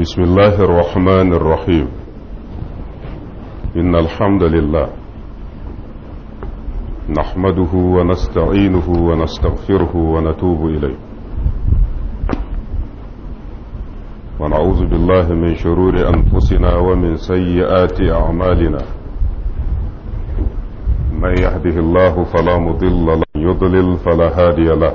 بسم الله الرحمن الرحيم إن الحمد لله نحمده ونستعينه ونستغفره ونتوب إليه ونعوذ بالله من شرور أنفسنا ومن سيئات أعمالنا من يهده الله فلا مضل له يضلل فلا هادي له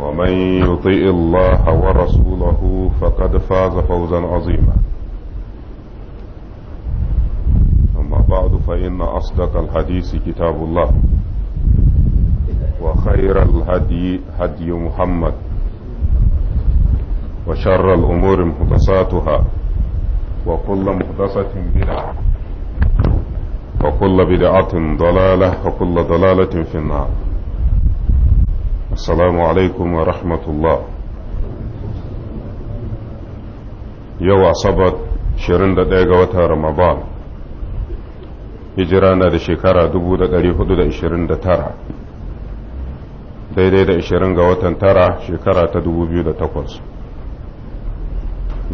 ومن يطيء الله ورسوله فقد فاز فوزا عظيما أما بعد فإن أصدق الحديث كتاب الله وخير الهدي هدي محمد وشر الأمور محدثاتها وكل محدثة بدعة وكل بدعة ضلالة وكل ضلالة في النار السلام عليكم ورحمة الله يو عصبت شرند دقيقة وتا رمضان هجرانا دي شكرا دبو دا قريب دا إشرين دا ترى daidai da 20 ga watan tara shekara ta 2008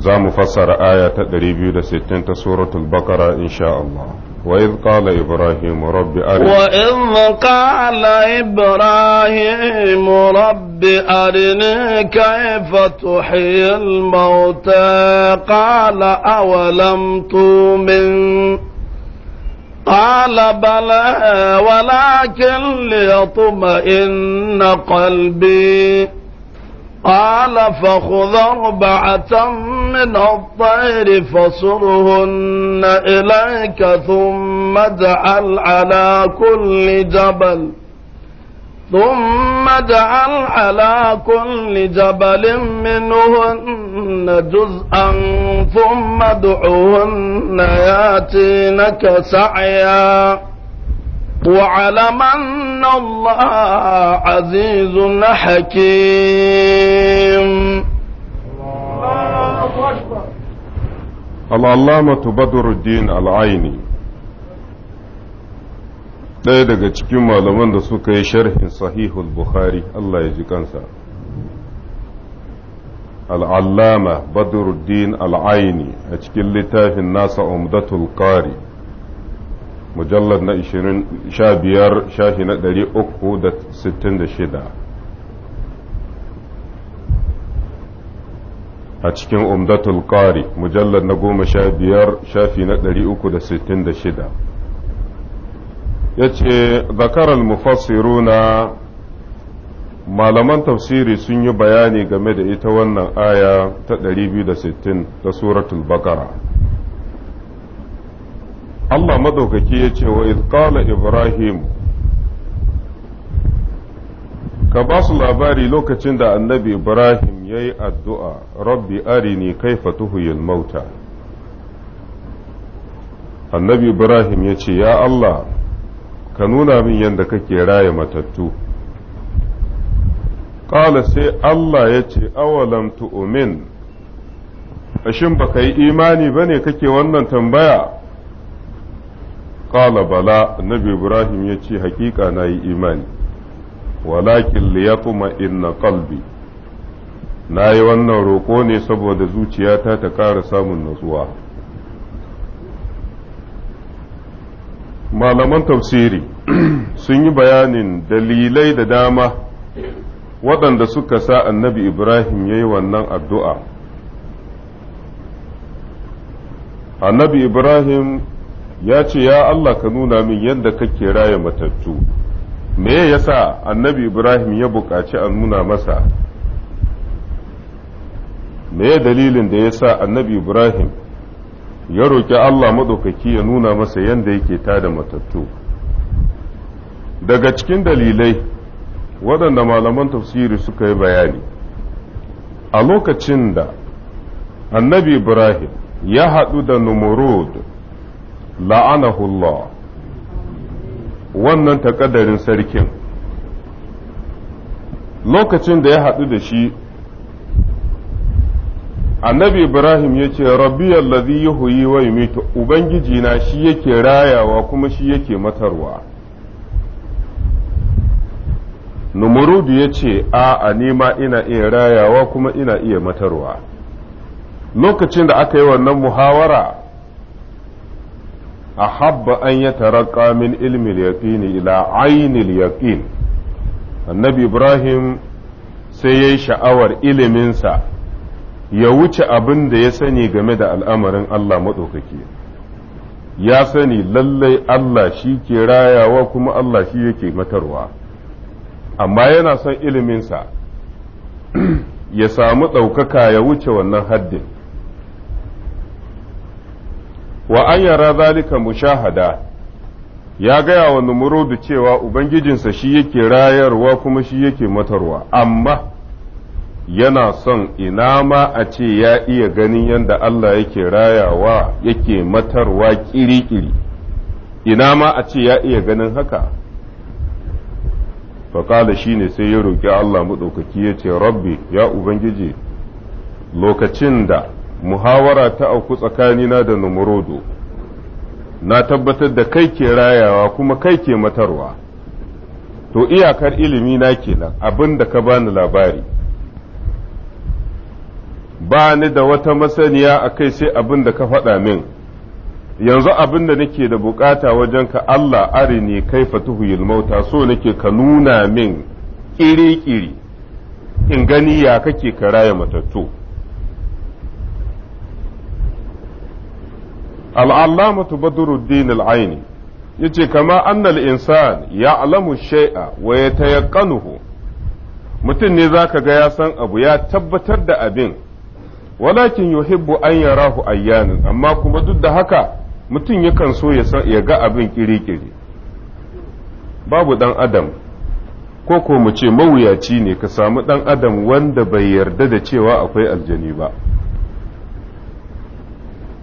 za mu fassara aya ta 260 ta suratul bakara insha Allah وإذ قال إبراهيم رب أرني وإذ قال إبراهيم رب أرني كيف تحيي الموتى قال أولم تؤمن قال بلى ولكن ليطمئن قلبي قال فخذ أربعة من الطير فصرهن إليك ثم اجعل على كل جبل ثم اجعل على كل جبل منهن جزءا ثم ادعهن ياتينك سعيا واعلم أن الله عزيز حكيم العلامة بدر الدين العيني ɗaya daga cikin malaman da suka yi sharhin sahihul bukhari Allah ya ji kansa al'allama badruddin al'aini a cikin littafin nasa umdatul qari mujallar na 15 shahi na 366 a cikin umdatul mujallar na 15 shafi na 366 ya ce zakarar mufassiruna malaman tafsiri sun yi bayani game da ita wannan aya ta 260 ta suratul bakara Allah madaukaki ya ce wa ƙala Ibrahim ka basu labari lokacin da annabi Ibrahim ya yi addu'a rabbi arini kaifa tuhuyil mauta annabi Ibrahim ya ce ya Allah ka nuna min yadda kake raya matattu ƙala sai Allah ya ce awalam tu'umin ashin baka yi imani bane kake wannan tambaya Ƙala bala annabi ibrahim ya ce hakika na yi imani walakin liyaquma inna qalbi na yi wannan roƙo ne saboda zuciyata ta ƙara samun natsuwa malaman tafsiri sun yi bayanin dalilai da dama waɗanda suka sa annabi ibrahim ya yi wannan addu'a annabi ibrahim ya ce ya Allah ka nuna min yadda kake raya matattu me ya sa annabi ibrahim ya buƙaci a nuna masa me dalilin da ya sa annabi ibrahim ya roƙi allah maɗaukaki ya nuna masa yadda yake tada matattu daga cikin dalilai waɗanda malaman tafsiri suka yi bayani a lokacin da annabi ibrahim ya haɗu da numurud la'anahullah wannan taƙadarin sarkin lokacin da ya haɗu da shi annabi ibrahim ya ce rabbi allazi yuhyi wa yumitu ubangiji na shi yake rayawa kuma shi yake matarwa numurudu ya ce a a nema ina iya rayawa kuma ina iya matarwa lokacin da aka yi wannan muhawara a habba an ya taraka min ilmin yaqini ila ainil annabi ibrahim sai ya yi sha'awar iliminsa ya wuce abin da ya sani game da al'amarin allah maɗaukaki ya sani lallai allah shi ke rayawa kuma allah shi yake matarwa amma yana son iliminsa ya samu ɗaukaka ya wuce wannan haddin wa an yara zalika mushahada ya gaya wa numurudu cewa ubangijinsa shi yake rayarwa kuma shi yake matarwa amma yana son ina ma a ce ya iya ganin yadda Allah yake rayawa yake matarwa kiri-kiri ina ma a ce ya iya ganin haka faƙala shi ne sai ya roƙi Allah maɗaukaki ya ce rabbi ya ubangiji lokacin da muhawara ta auku tsakanina da numurodo na tabbatar da kai ke rayawa kuma kai ke matarwa to iyakar ilimi na kenan abin da ka bani labari ba ni da wata masaniya a kai sai abin da ka faɗa min yanzu abin da nake da bukata wajen ka Allah arini kai fatuhu mauta so nake ka nuna min kiri-kiri in gani ya kake ka raya matattu al'allamatu badruddin al'aini yace kama annal insan shai'a shay'a wa kanuhu mutum ne zaka ga ya san abu ya tabbatar da abin walakin yuhibbu an yarahu amma kuma duk da haka mutum yakan so ya ga abin kirikiri babu ɗan adam ko ko mu ce mawuyaci ne ka samu ɗan adam wanda bai yarda da cewa akwai aljani ba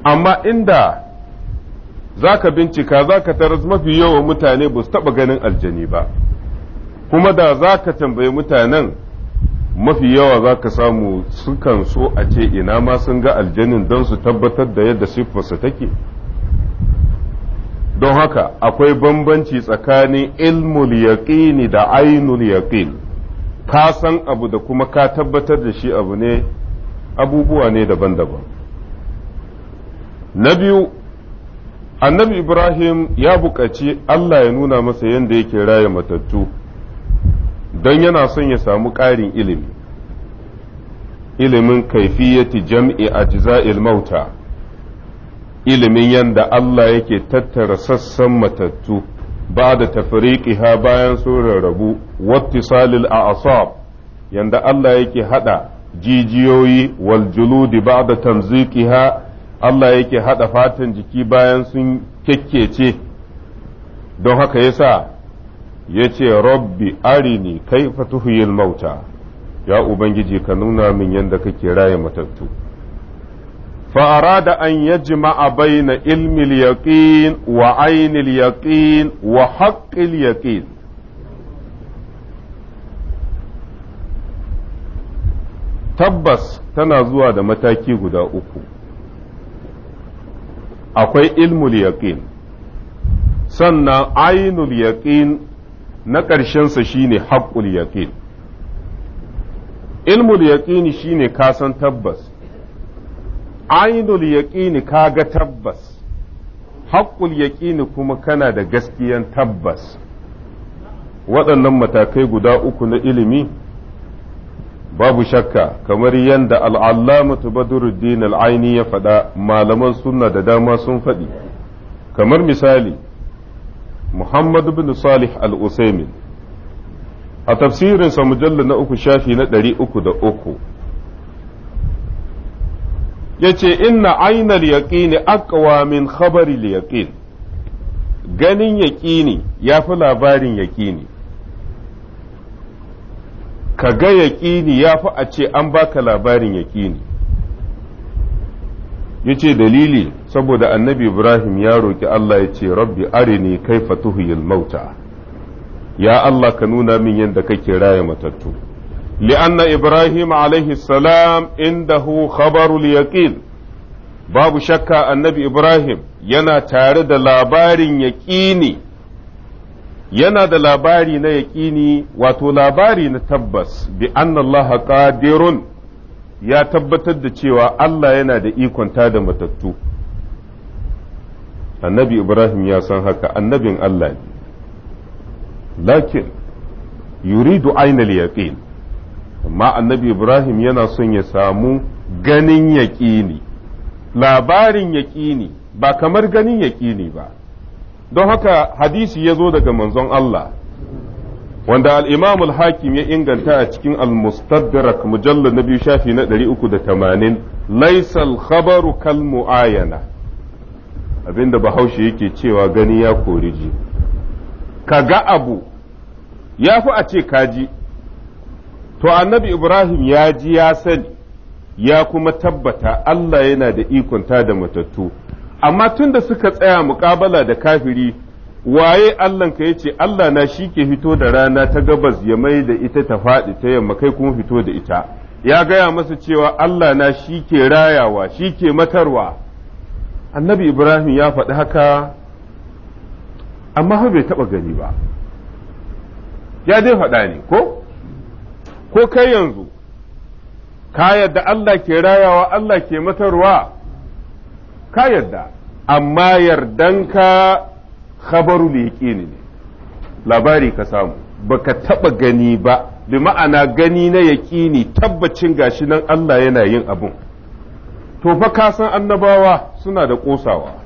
amma inda za ka bincika za ka taras mafi yawan mutane ba su taɓa ganin aljani ba kuma da za ka tambayi mutanen mafi yawa za ka samu sukan so a ce ina ma sun ga aljanin don su tabbatar da yadda siffarsa take don haka akwai bambanci tsakanin ilmul yaqini da ainul yaqin ka san abu da kuma ka tabbatar da shi abu ne abubuwa ne daban-daban na biyu annabi ibrahim ya buƙaci allah ya nuna masa yadda yake raya matattu don yana son ya samu ƙarin ilimi ilimin kaifiyati jam'i ajza'il mauta ilimin yadda allah yake tattara sassan matattu ba da tafriqiha bayan sun rarrabu wattisalil a'sab yanda Allah yake hada jijiyoyi wal juludi ba da tanziqiha Allah yake haɗa fatan jiki bayan sun kekkece don haka yasa ya ce rabbi arini kai fatuhuyin mauta ya ubangiji ka nuna min yadda kake raye matattu da an فأراد baina يجمع بين wa ainil وعين wa haƙƙil yaqin tabbas tana zuwa da mataki guda uku akwai ilmul yaqin sannan ainul yaqin na ƙarshensa shine haƙƙul yaqin ilmul yaqin shine ka san tabbas ainul yaqin ka ga tabbas haƙƙul yaqin kuma kana da gaskiyan tabbas waɗannan matakai guda uku na ilimi babu shakka kamar yadda al'allamatu badruddin al'aini ya faɗa malaman sunna da dama sun faɗi kamar misali muhammad bin salih al'usaimin a tafsirinsa mujallar na uku shafi na ɗari uku da uku ya ce inna ainal yaƙini aqwa min khabari yaƙin ganin yaƙini ya fi labarin yaƙini ka ga yaƙini ya fi a ce an baka labarin yaƙini ya ce dalili saboda annabi ibrahim ya roƙi allah ya ce rabbi arini kai tuhiyil mauta ya allah ka nuna min yadda ka kake raya matattu لأن إبراهيم عليه السلام عنده خبر اليقين babu shakka annabi Ibrahim yana tare da labarin yaƙini yana da labari na yaƙini wato labari na tabbas bi Allah qadirun ya tabbatar da cewa Allah yana da ikon da matattu annabi Ibrahim ya san haka annabin Allah ne lakin yuridu ainal yaqin amma annabi Ibrahim yana son ya samu ganin yaƙini labarin yaƙini ba kamar ganin yaƙini ba don haka hadisi ya zo daga manzon Allah wanda al-Imam al-Hakim ya inganta a cikin al-Mustadrak na biyu shafi na 380 laysa al-khabaru kal mu'ayana abinda bahaushe yake cewa gani ya kori ji kaga abu ya fi a ce kaji to annabi Ibrahim ya ji ya sani ya kuma tabbata Allah yana da ikon da matattu amma tun da suka tsaya muƙabala da kafiri waye Allahnka ya ce Allah na shi ke fito da rana ta gabas ya mai da ita ta faɗi ta yamma kai kuma fito da ita ya gaya masa cewa Allah na shi ke rayawa shi ke matarwa annabi Ibrahim ya faɗi haka amma bai taɓa gani ba ya dai faɗa ne ko ko kai yanzu ka yadda Allah ke rayawa Allah ke matarwa ka yarda amma yardanka khabarul yaqini ne labari ka samu baka taba gani ba bi ma'ana gani na yaƙini tabbacin gashi nan Allah yana yin abun to fa ka san annabawa suna da ƙosawa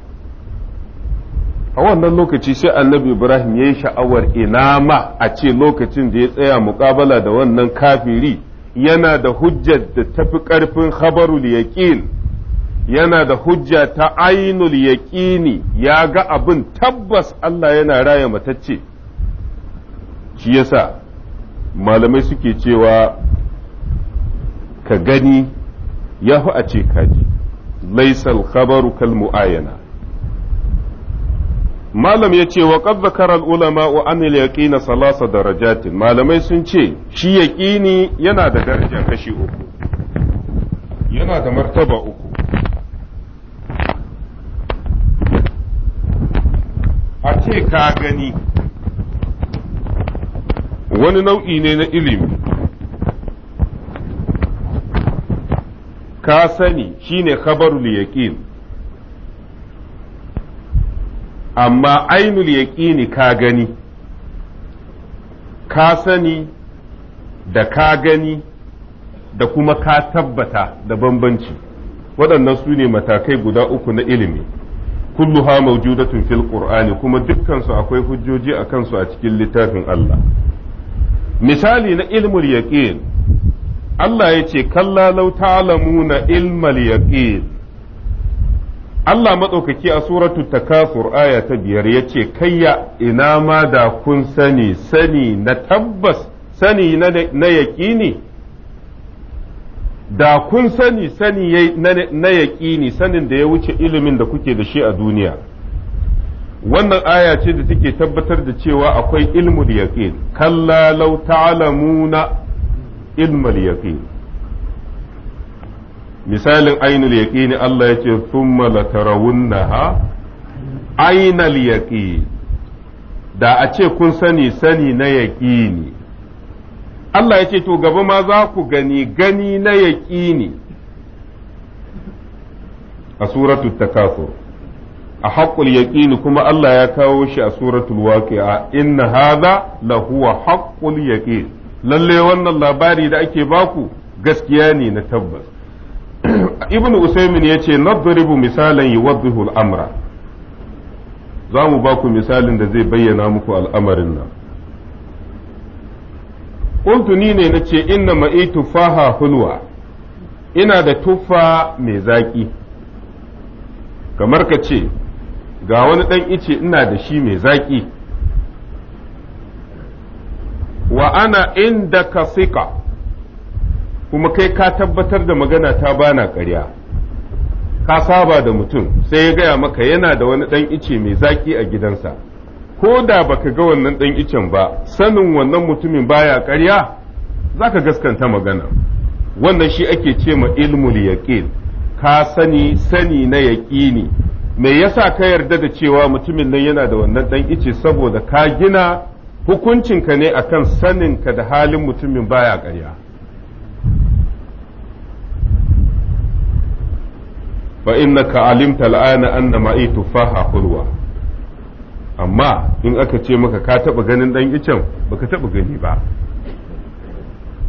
a wannan lokaci sai annabi ibrahim ya yi sha'awar inama a ce lokacin da ya tsaya muƙabala da wannan kafiri yana da hujjar da tafi ƙarfin khabarul yaqin yana da hujja ta ainul yaƙini ya ga abin tabbas Allah yana raya matacce shi yasa malamai suke cewa ka gani ya fi a ce kaji laisal khabaru kal mu'ayana malam ya ce wa qad zakara al ulama wa an al yaqin salasa darajat malamai sun ce shi yaqini yana da daraja kashi uku yana da martaba uku a ce ka gani wani nau'i ne na ilimi ka sani shi ne khabarul yaqin amma ainul yaqini ka gani ka sani da ka gani da kuma ka tabbata da bambanci waɗannan su ne matakai guda uku na ilimi kulluha mawjudatun fil qur'ani kuma dukkansu akwai hujjoji a kansu a cikin littafin Allah misali na ilmul yaƙin, Allah ya ce kalla law ta'lamuna ilmal yaqin Allah madaukaki a suratu takasur aya ta biyar ya ce kayya ina ma da kun sani sani na tabbas sani na yaƙini da kun sani sani na yaƙini sanin da ya wuce ilimin da kuke da shi a duniya wannan aya ce da take tabbatar da cewa akwai ilmul yaqin kalla law ta'lamuna ilmul yaqin misalin ainul yaqini Allah yace thumma latarawunnaha ainal yaqin da a ce kun sani sani na yaqini Allah ya ce to gaba ma za ku gani gani na yaƙini a suratul takasur a haƙul yaƙini kuma Allah ya kawo shi a suratul waqi'a inna hadha lahuwa haƙul yaƙi lalle wannan labari da ake baku gaskiya ne na tabbas ibn ya ce nadribu misalan yi al-amra za mu baku misalin da zai bayyana muku al'amarin nan kuntu ni ne na ce inna ma'i tufaha hulwa ina da tufa mai zaƙi kamar ka ce ga wani ɗan ice ina da shi mai zaƙi wa ana inda ka sika kuma kai ka tabbatar da magana ta bana karya ka saba da mutum sai ya gaya maka yana da wani ɗan ice mai zaƙi a gidansa ko da baka ga wannan ɗan icen ba sanin wannan mutumin baya ƙarya ka gaskanta magana wannan shi ake ce ma ilmul yaqin ka sani sani na yaƙini me yasa ka yarda da cewa mutumin nan yana da wannan ɗan ice saboda ka gina hukuncinka ne akan saninka da halin mutumin baya ƙarya fa innaka alimta al'ana anna ma'i tufaha hulwa amma in aka ce maka ka taɓa ganin dan icen baka taba gani ba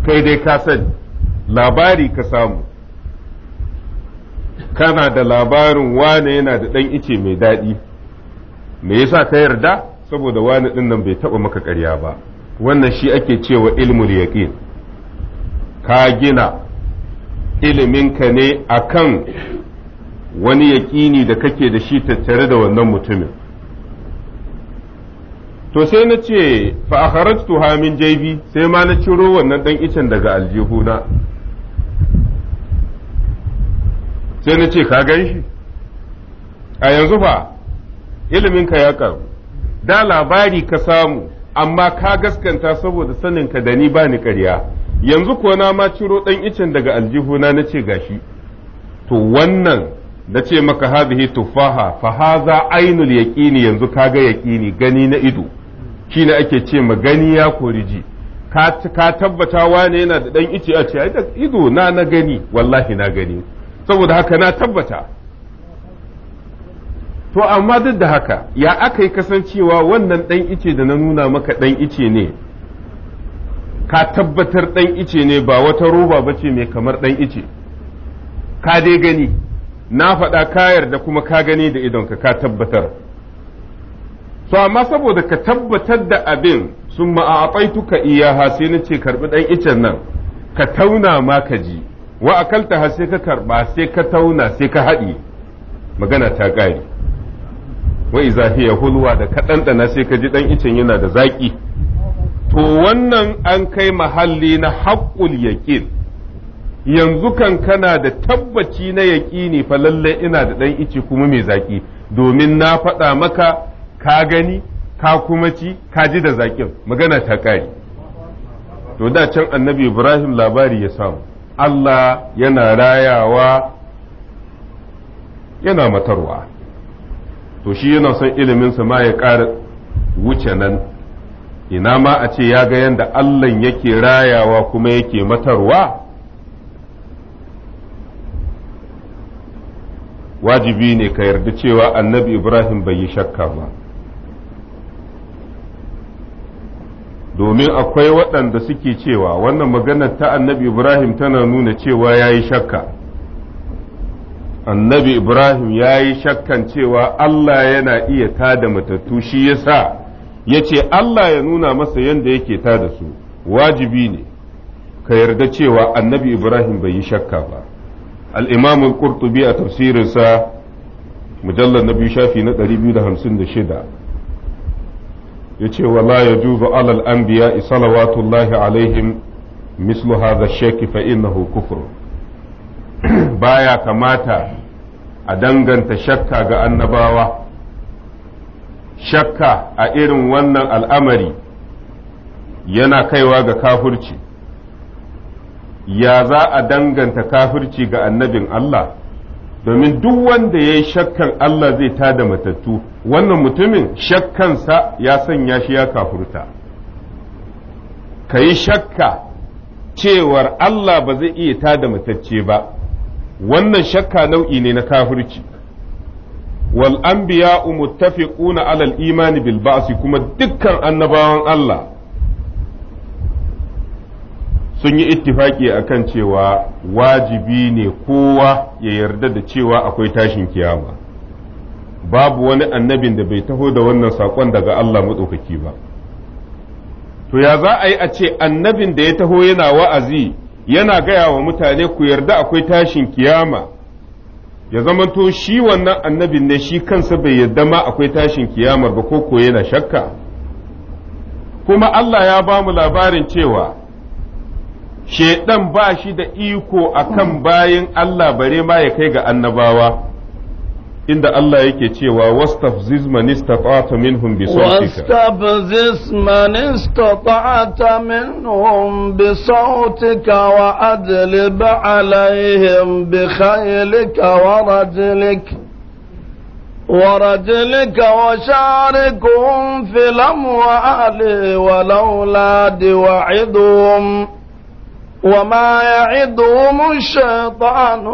kai dai ka sani labari ka samu kana da labarin wane yana da ɗan ice mai daɗi me yasa ka yarda saboda wani din nan bai taɓa maka ƙarya ba wannan shi ake cewa ilmul yaqin ka gina ilimin ka ne akan wani yaƙini da kake da shi tattare da wannan mutumin to sai na ce fa ha min jaybi sai ma na ciro wannan dan icen daga aljihuna sai na ce ka gan shi a yanzu fa iliminka ya karu da labari ka samu amma ka gaskanta saboda saninka da ni ba ni ƙarya yanzu ko na ma ciro dan icen daga aljihuna na ce gashi to wannan na ce maka hadhihi tufaha fa haza ainul yaqini yanzu ka ga yaqini gani na ido ne ake ce ma gani ya kori ji ka tabbata wane yana da dan ice a ce a ido na na gani wallahi na gani saboda haka na tabbata to amma duk da haka ya aka yi kasancewa wannan dan ice da na nuna maka dan ice ne ka tabbatar dan ice ne ba wata roba ba ce mai kamar dan ice ka dai gani na faɗa ka yarda kuma ka gani da idonka ka tabbatar so amma saboda ka tabbatar da abin sun iya iyaha sai na ce karɓi ɗan icen nan ka tauna ma ka ji wa akalta ha sai ka karɓa sai ka tauna sai ka haɗi magana ta ƙare wa iza hiya hulwa da ka ɗanɗana sai ka ji ɗan icen yana da zaƙi to wannan an kai mahalli na haƙƙul yaƙin yanzu kan kana da tabbaci na yaƙini fa lallai ina da ɗan ice kuma mai zaƙi domin na faɗa maka ka gani ka kuma ci ka ji da zaƙin magana ta ƙari to da can annabi ibrahim labari ya samu allah yana rayawa yana matarwa to shi yana son iliminsa ma ya ƙara wuce nan ina ma a ce ya ga yadda allah yake rayawa kuma yake matarwa wajibi ne ka yarda cewa annabi ibrahim bai yi shakka ba domin akwai waɗanda suke cewa wannan maganar ta annabi ibrahim tana nuna cewa ya yi shakka annabi ibrahim ya yi shakkan cewa allah yana iya ta da matattu shi ya sa ya ce allah ya nuna masa yadda yake ta da su wajibi ne ka yarda cewa annabi ibrahim bai yi shakka ba al'imam al-qurtubi a tafsirinsa mujallar na biyu shafi na 256 yace wala yajuzu alal anbiya salawatullahi alaihim mislu hadha shaki fa innahu kufr baya kamata a danganta shakka ga annabawa shakka a irin wannan al'amari yana kaiwa ga kafirci ya za a danganta kafirci ga annabin Allah domin duk wanda ya yi shakkan Allah zai tada matattu wannan mutumin shakkansa ya sanya shi ya kafurta ka yi shakka cewar Allah ba zai iya tada matacce ba wannan shakka nau'i ne na biya wal anbiya'u muttafiquna alal imani bil ba'asi kuma dukkan annabawan Allah sun yi ittifaki kan cewa wajibi ne kowa ya yarda da cewa akwai tashin kiyama babu wani annabin da bai taho da wannan saƙon daga Allah maɗaukaki ba to ya za a yi a ce annabin da ya taho yana wa'azi yana gaya wa mutane ku yarda akwai tashin kiyama ya zamanto shi wannan annabin ne shi kansa bai yarda ma akwai tashin kiyamar ba ko ko yana shakka kuma Allah ya ba mu labarin cewa shedan ba shi da iko akan bayin Allah bare ma ya kai ga annabawa inda Allah yake cewa wastafziz man istata'ta minhum bi wastafziz bi sawtika wa adlib alaihim bi khaylika wa rajlika ورجلك وشاركهم في الأموال والأولاد وعدهم وما يعدهم الشيطان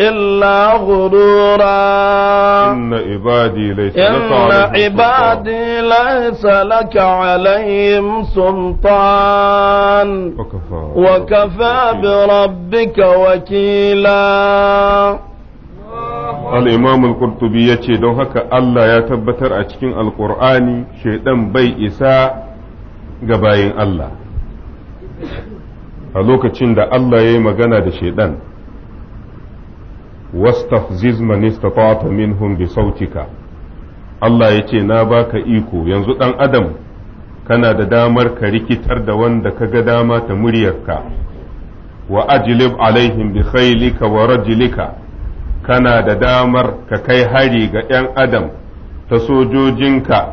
إلا غرورا إن عبادي ليس لك إن عبادي ليس لك عليهم سلطان وكفى, وكفى بربك وكيلا الإمام القرطبي يتي دون هكا الله يتبتر أتكين القرآن شيطان بي إساء قبائن الله a lokacin da Allah ya yi magana da shaidan wastafziz man min minhum bi sautika Allah ya ce na baka iko yanzu ɗan adam kana da damar ka rikitar da wanda ka ga dama ta muryarka wa ajlib alaihim bi khailika wa rajlika kana da damar ka kai hari ga 'yan adam ta sojojinka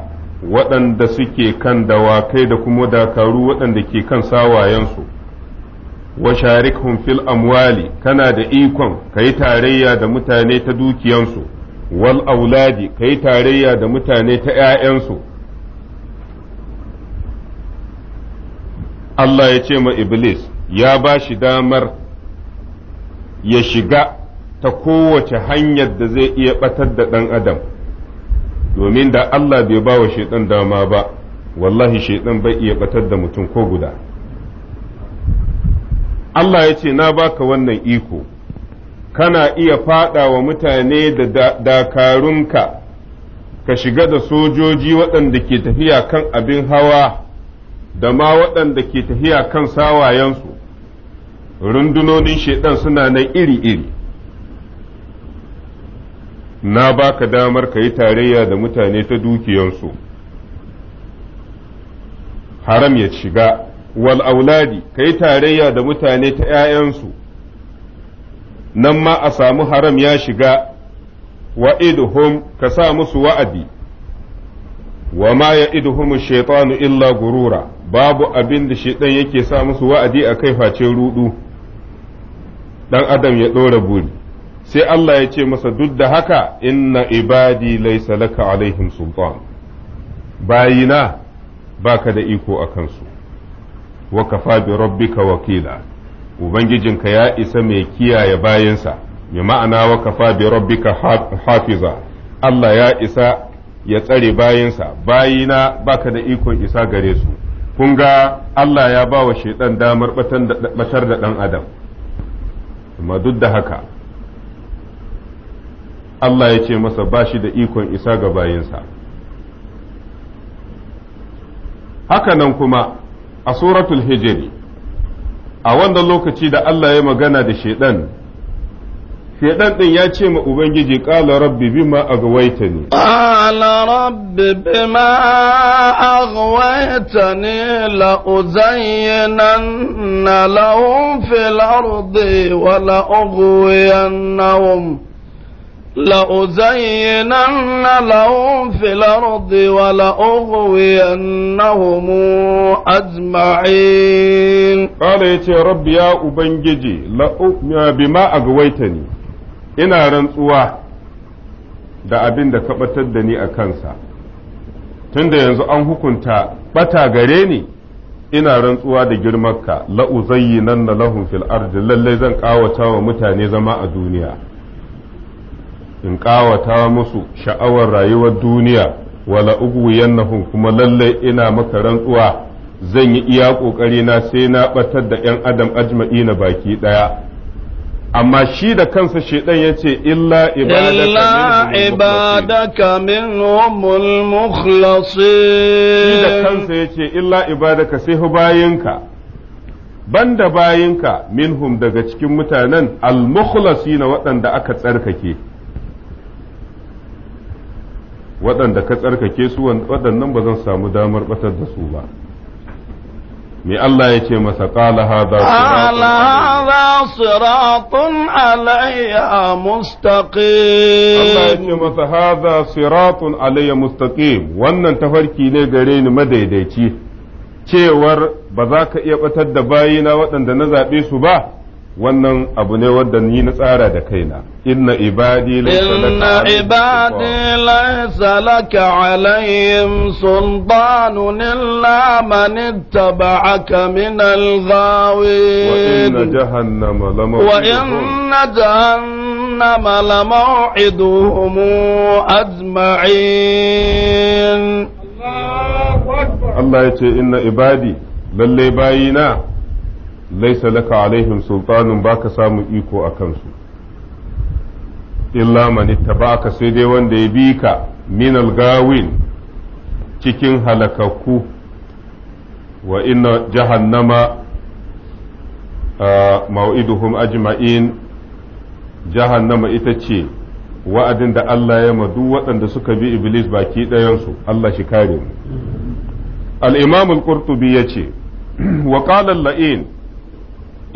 waɗanda suke kan dawakai da kuma dakaru waɗanda ke kan sawayensu wa sharikhum fil amwali kana da ikon kai tarayya da mutane ta dukiyansu wal auladi kai tarayya da mutane ta 'ya'yansu Allah ya ce ma Iblis ya ba shi damar ya shiga ta kowace hanyar da zai iya batar da ɗan adam domin da Allah bai ba wa shaiɗan dama ba wallahi shaiɗan bai iya batar da mutum ko guda Allah ya ce na baka wannan iko kana iya faɗa wa mutane da dakarunka ka shiga da sojoji waɗanda ke tafiya kan abin hawa da ma waɗanda ke tafiya kan sawayensu rundunonin shaidan suna na iri-iri na baka damar ka yi tarayya da mutane ta dukiyansu haram ya shiga wal auladi ka yi tarayya da mutane ta ‘ya'yansu, nan ma a samu haram ya shiga, wa idhum ka sa musu wa'adi, wa ma ya idhum shaitanu illa gurura, babu abin da shaitan yake sa musu wa'adi a kai face rudu, ɗan adam ya ɗora buri. Sai Allah ya ce masa duk da haka inna ibadi laysa laka alaihim sultan bayina baka da iko a kansu. wa kafa bi rabbika wakila ubangijinka ya isa mai kiyaye bayansa mai ma'ana wa kafa bi rabbika hafiza Allah ya isa ya tsare bayansa bayina baka da ikon isa gare su kun ga Allah ya ba wa shaidan damar batar da dan adam amma duk da haka Allah ya ce masa ba shi da ikon isa ga bayinsa haka nan kuma a suratul hijri a wanda lokaci da Allah ya magana da shaidan shaidan din ya ce ma ubangiji qala rabbi bima aghwaytani qala rabbi bima aghwaytani la uzayyinanna lahum fil ardi wa la لأزينن لهم في الأرض ولأغوينهم أجمعين قال يتي رب يا أبنجي بما أغويتني إنا رنسوا da abin da ka batar da ni a kansa tunda yanzu an hukunta ɓata gare ni ina rantsuwa da girmarka la'uzayyinan na lahun fil lallai zan kawata wa mutane zama a duniya in ƙawata musu sha'awar rayuwar duniya wala ugwiyannahum kuma lallai ina maka rantsuwa zan yi iya ƙoƙari na sai na ɓatar da ‘yan adam ajma'i na baki ɗaya amma shi da kansa shaidan ya ce illa ibadaka minhumul mukhlasin shi da kansa ya ce illa ibadaka sai hu bayinka banda bayinka minhum daga cikin mutanen al na waɗanda aka tsarkake waɗanda ka tsarkake su waɗannan ba zan samu damar batar da su ba me Allah ya ce masa qala hadha hadha siratun alayya mustaqim Allah ya ce masa hadha siratun alayya mustaqim wannan tafarki ne gare ni madaidaici cewar ba za ka iya batar da bayina waɗanda na zaɓe su ba wannan abu ne wanda ni na tsara da kaina inna ibadi inna ibadi laysa laka alaihim sultanun illa man ittaba'aka min al wa inna jahannama lamaw'iduhum wa inna jahannama lamaw'iduhum ajma'in Allah ya ce inna ibadi lalle bayina laisa laka alaihim sultanun baka samu iko a kansu illa man ittaba'aka sai dai wanda ya bi ka minal algawin cikin halakakku wa ina jahannama mau'iduhum ajma'in jahannama ita ce wa'adin da Allah ya madu waɗanda suka bi Iblis baki ɗayansu Allah shi kare mu. al al'urtubi ya ce, wa ƙalar la'in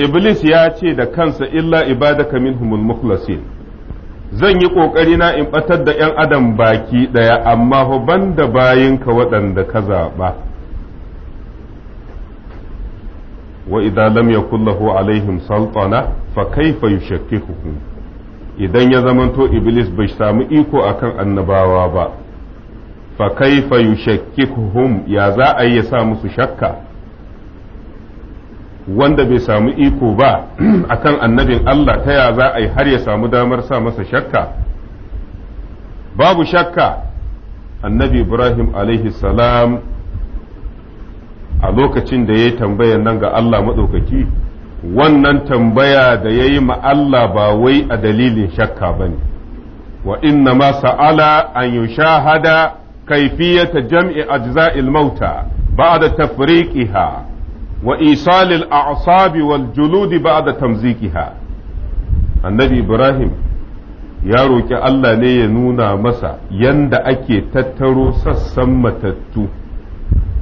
iblis ya ce da kansa illa ibadaka minhumul mukhlasin zan yi ƙoƙari na in ɓatar da ‘yan adam baki ɗaya amma ho ban da bayinka waɗanda ka zaɓa wa idan lam yakun lahu alaihim sultana fa kaifa yushakkikuhum idan ya zamanto iblis bai samu iko akan annabawa ba fa kaifa yushakkikuhum ya za a yi ya sa musu shakka wanda bai samu iko ba akan annabin Allah ta ya za a yi har ya samu damar sa masa shakka babu shakka annabi Ibrahim alaihi salam a lokacin da ya yi tambayan nan ga Allah maɗaukaki wannan tambaya da ya yi Allah ba wai a dalilin shakka ba ne wa inna ma sa'ala an yi shahada kaifiyata jam'i ajza'il mauta ba da tafriqiha wa isalil a'sabi wal juludi ba'da tamzikiha annabi ibrahim ya roƙi Allah ne ya nuna masa yanda ake tattaro sassan matattu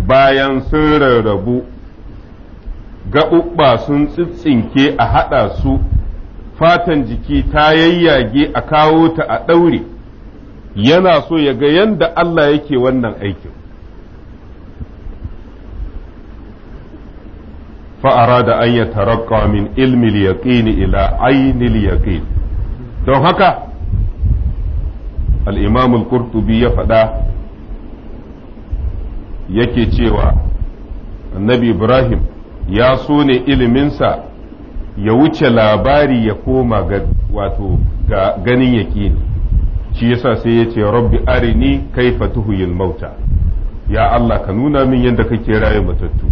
bayan sun rarrabu gaɓuɓɓa sun tsintsinke a haɗa su fatan jiki ta yayyage a kawo ta a ɗaure yana so ya ga yanda Allah yake wannan aikin فأراد أن يترقى من علم اليقين إلى عين اليقين don haka al'imamul qurtubi ya faɗa yake cewa annabi ibrahim ya so ne iliminsa ya wuce labari ya koma ga wato ga ganin yaƙini shi yasa sai ya ce rabbi arini kaifa tuhuyil mauta ya allah ka nuna min yadda kake raye matattu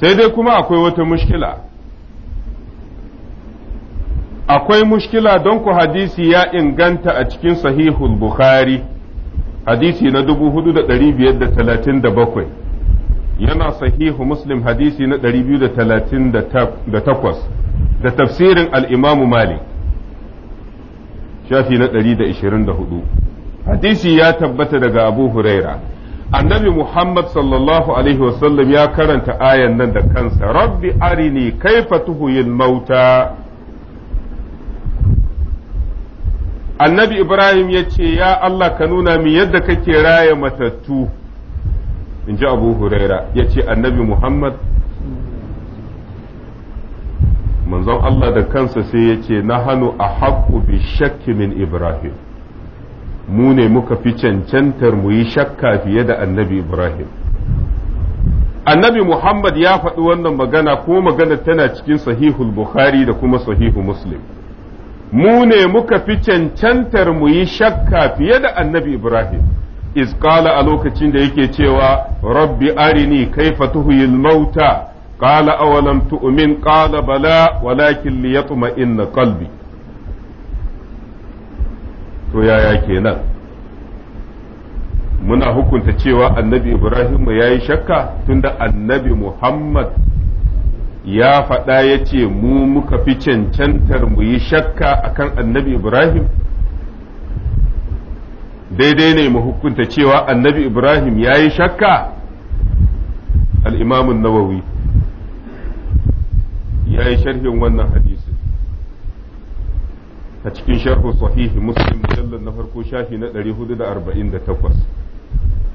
sai dai kuma akwai wata mushkila akwai mushkila don ku hadisi ya inganta a cikin sahihul bukhari hadisi na 4537 yana sahihu muslim hadisi na 238 da tafsirin al'imamu malik shafi na 124 hadisi ya tabbata daga abu huraira annabi Muhammad sallallahu alaihi wasallam ya karanta ayan nan da kansa rabbi arini kaifa tuhuyil mauta annabi Ibrahim ya ce ya Allah ka nuna min yadda kake raya matattu in ji abu huraira ya ce annabi Muhammad manzon Allah da kansa sai ya ce na hannu a haƙƙu bi shakki min Ibrahim mu ne muka fi cancantar mu yi shakka fiye da annabi Ibrahim. Annabi Muhammad ya faɗi wannan magana ko magana tana cikin sahihul Bukhari da kuma sahihu Muslim. Mu ne muka fi cancantar mu yi shakka fiye da annabi Ibrahim. Izkala a lokacin da yake cewa, Rabbi arini kai tuhuyil mauta, qala awalam tu'umin kala bala walakin liyatma'inna qalbi. to yaya kenan muna hukunta cewa annabi ibrahim ya yi shakka tunda annabi muhammad ya faɗa ya ce mu muka fi cancantar mu yi shakka akan annabi ibrahim daidai ne mu hukunta cewa annabi ibrahim ya yi shakka al'imamun nawawi ya yi sharhin wannan hadisi a cikin sharhu sahihi muslim mujallal na farko shafi na 448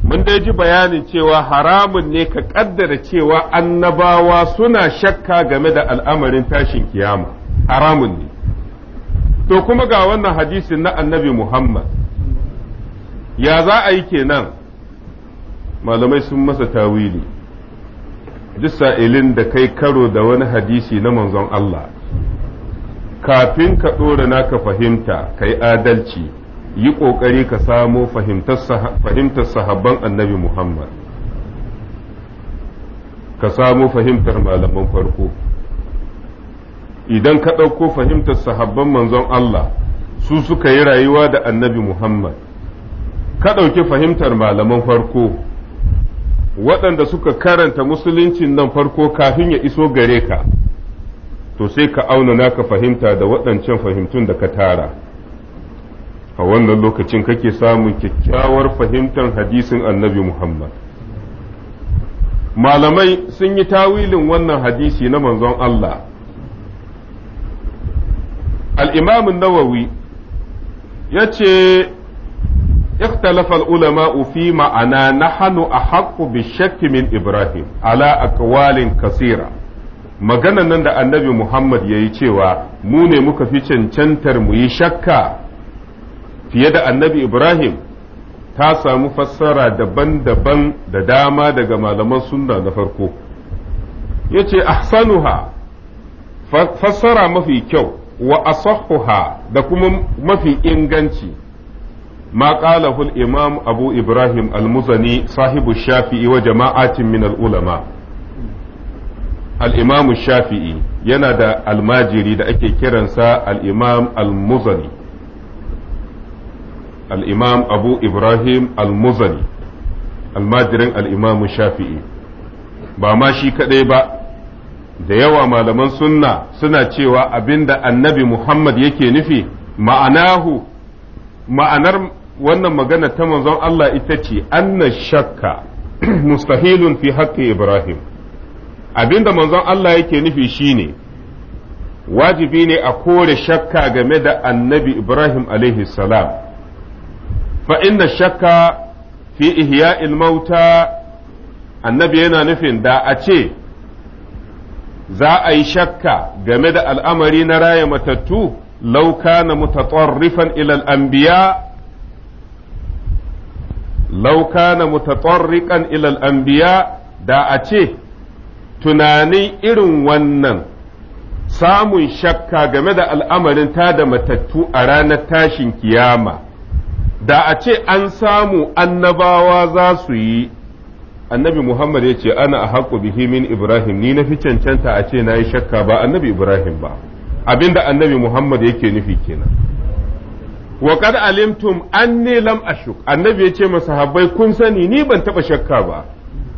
mun dai ji bayanin cewa haramun ne ka kaddara cewa annabawa suna shakka game da al'amarin tashin kiyama haramun ne to kuma ga wannan hadisin na annabi muhammad ya za a yi kenan malamai sun masa tawili duk sa'ilin da kai karo da wani hadisi na manzon Allah kafin ka ɗora naka fahimta ka yi adalci yi ƙoƙari ka samo fahimtar sahabban annabi Muhammad ka samo fahimtar malaman farko idan ka ɗauko fahimtar sahabban manzon Allah su suka yi rayuwa da annabi Muhammad ka ɗauki fahimtar malaman farko waɗanda suka karanta musuluncin nan farko kafin ya iso gare ka. to sai ka auna naka fahimta da waɗancan fahimtun da ka tara a wannan lokacin kake samun kyakkyawar fahimtar hadisin annabi Muhammad malamai sun yi tawilin wannan hadisi na manzon Allah al'imamin nawawi ya ce اختلف العلماء في معنى نحن أحق بالشك من إبراهيم على أقوال كثيرة maganan nan da annabi Muhammad ya yi cewa mu ne muka fi cancantar mu yi shakka fiye da annabi Ibrahim ta samu fassara daban-daban da dama daga malaman sunna na farko ya ce ahsanuha fassara mafi kyau wa asahuha da kuma mafi inganci ma qalahu imam abu ibrahim al-muzani sahibu shafi'i wa jama'atin min ulama al'imamu shafi'i yana da almajiri da ake kiransa al'imam al-muzani al'imam abu ibrahim al-muzani almajirin shafi'i ba ma shi kaɗai ba da yawa malaman sunna suna cewa abinda annabi muhammad yake nufi ma'anahu ma'anar wannan magana ta manzon Allah ita ce anna shakka mustahilun fi haƙƙi ibrahim abinda manzon Allah yake nufi shine wajibi ne a kore shakka game da annabi Ibrahim alaihi salam fa inna shakka fi ihya'il mauta annabi yana nufin da a ce za a yi shakka game da al'amari na raya matattu lauka na mutatsarrifan ilal anbiya lauka na ilal anbiya da a ce tunani irin wannan samun shakka game da al'amarin ta da matattu a ranar tashin kiyama da a ce an samu annabawa za su yi annabi muhammad ya ce ana a haƙo bihi ibrahim ni na fi cancanta a ce na yi shakka ba annabi ibrahim ba abinda annabi muhammad yake nufi kenan wa kad alimtum anni lam ashuk annabi ya ce masahabbai kun sani ni ban taɓa shakka ba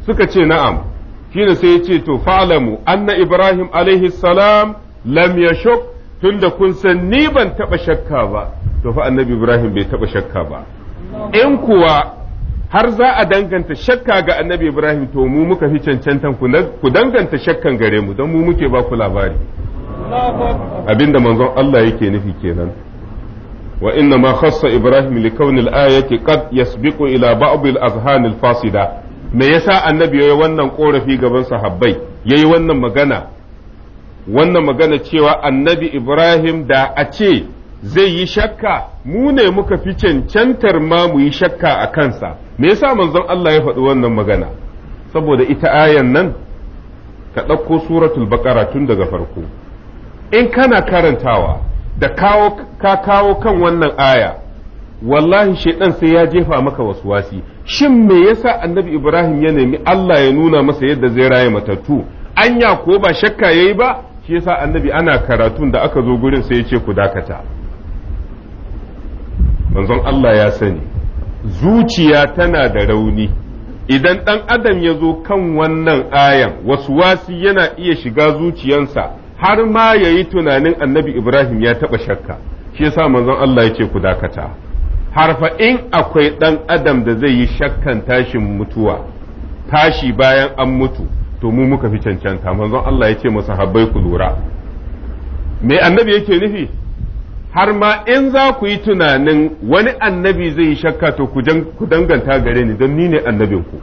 suka ce na'am shine sai ya ce to fa'lamu anna ibrahim alaihi salam lam yashuk tunda kun san ni ban taba shakka ba to fa annabi ibrahim bai taba shakka ba in kuwa har za a danganta shakka ga annabi ibrahim to mu muka fi cancantan ku danganta shakkan gare mu don mu muke ba ku labari abinda manzon Allah yake nufi kenan wa inna ma khassa ibrahim li kauni al-ayati qad yasbiqu ila ba'd al-azhan al-fasida me yasa annabi yayi wannan korafi gaban sahabbai yayi wannan magana wannan magana cewa annabi Ibrahim da a ce zai yi shakka mu ne muka fi cancantar ma mu yi shakka a kansa me yasa manzon Allah ya faɗi wannan magana saboda ita ayan nan ka ɗauko suratul baqara tun daga farko in kana karantawa da kawo ka kawo kan wannan aya wallahi shaidan sai ya jefa maka waswasi shin me yasa annabi ibrahim ya nemi allah ya nuna masa yadda zai raye matattu anya ko ba shakka yayi ba shi yasa annabi ana karatun da aka zo gurin sai ya ce ku dakata manzon allah ya sani zuciya tana da rauni idan dan adam ya zo kan wannan ayan waswasi yana iya shiga zuciyansa har ma ya yi tunanin annabi ibrahim ya taɓa shakka shi yasa manzon allah ya ce ku dakata harfa in akwai ɗan adam da zai yi shakkan tashin mutuwa tashi bayan an mutu to mu muka fi cancanta manzon Allah ya ce masa habbai ku lura me annabi yake nufi har ma in za ku yi tunanin wani annabi zai yi shakka to ku danganta gare ni don ni ne annabinku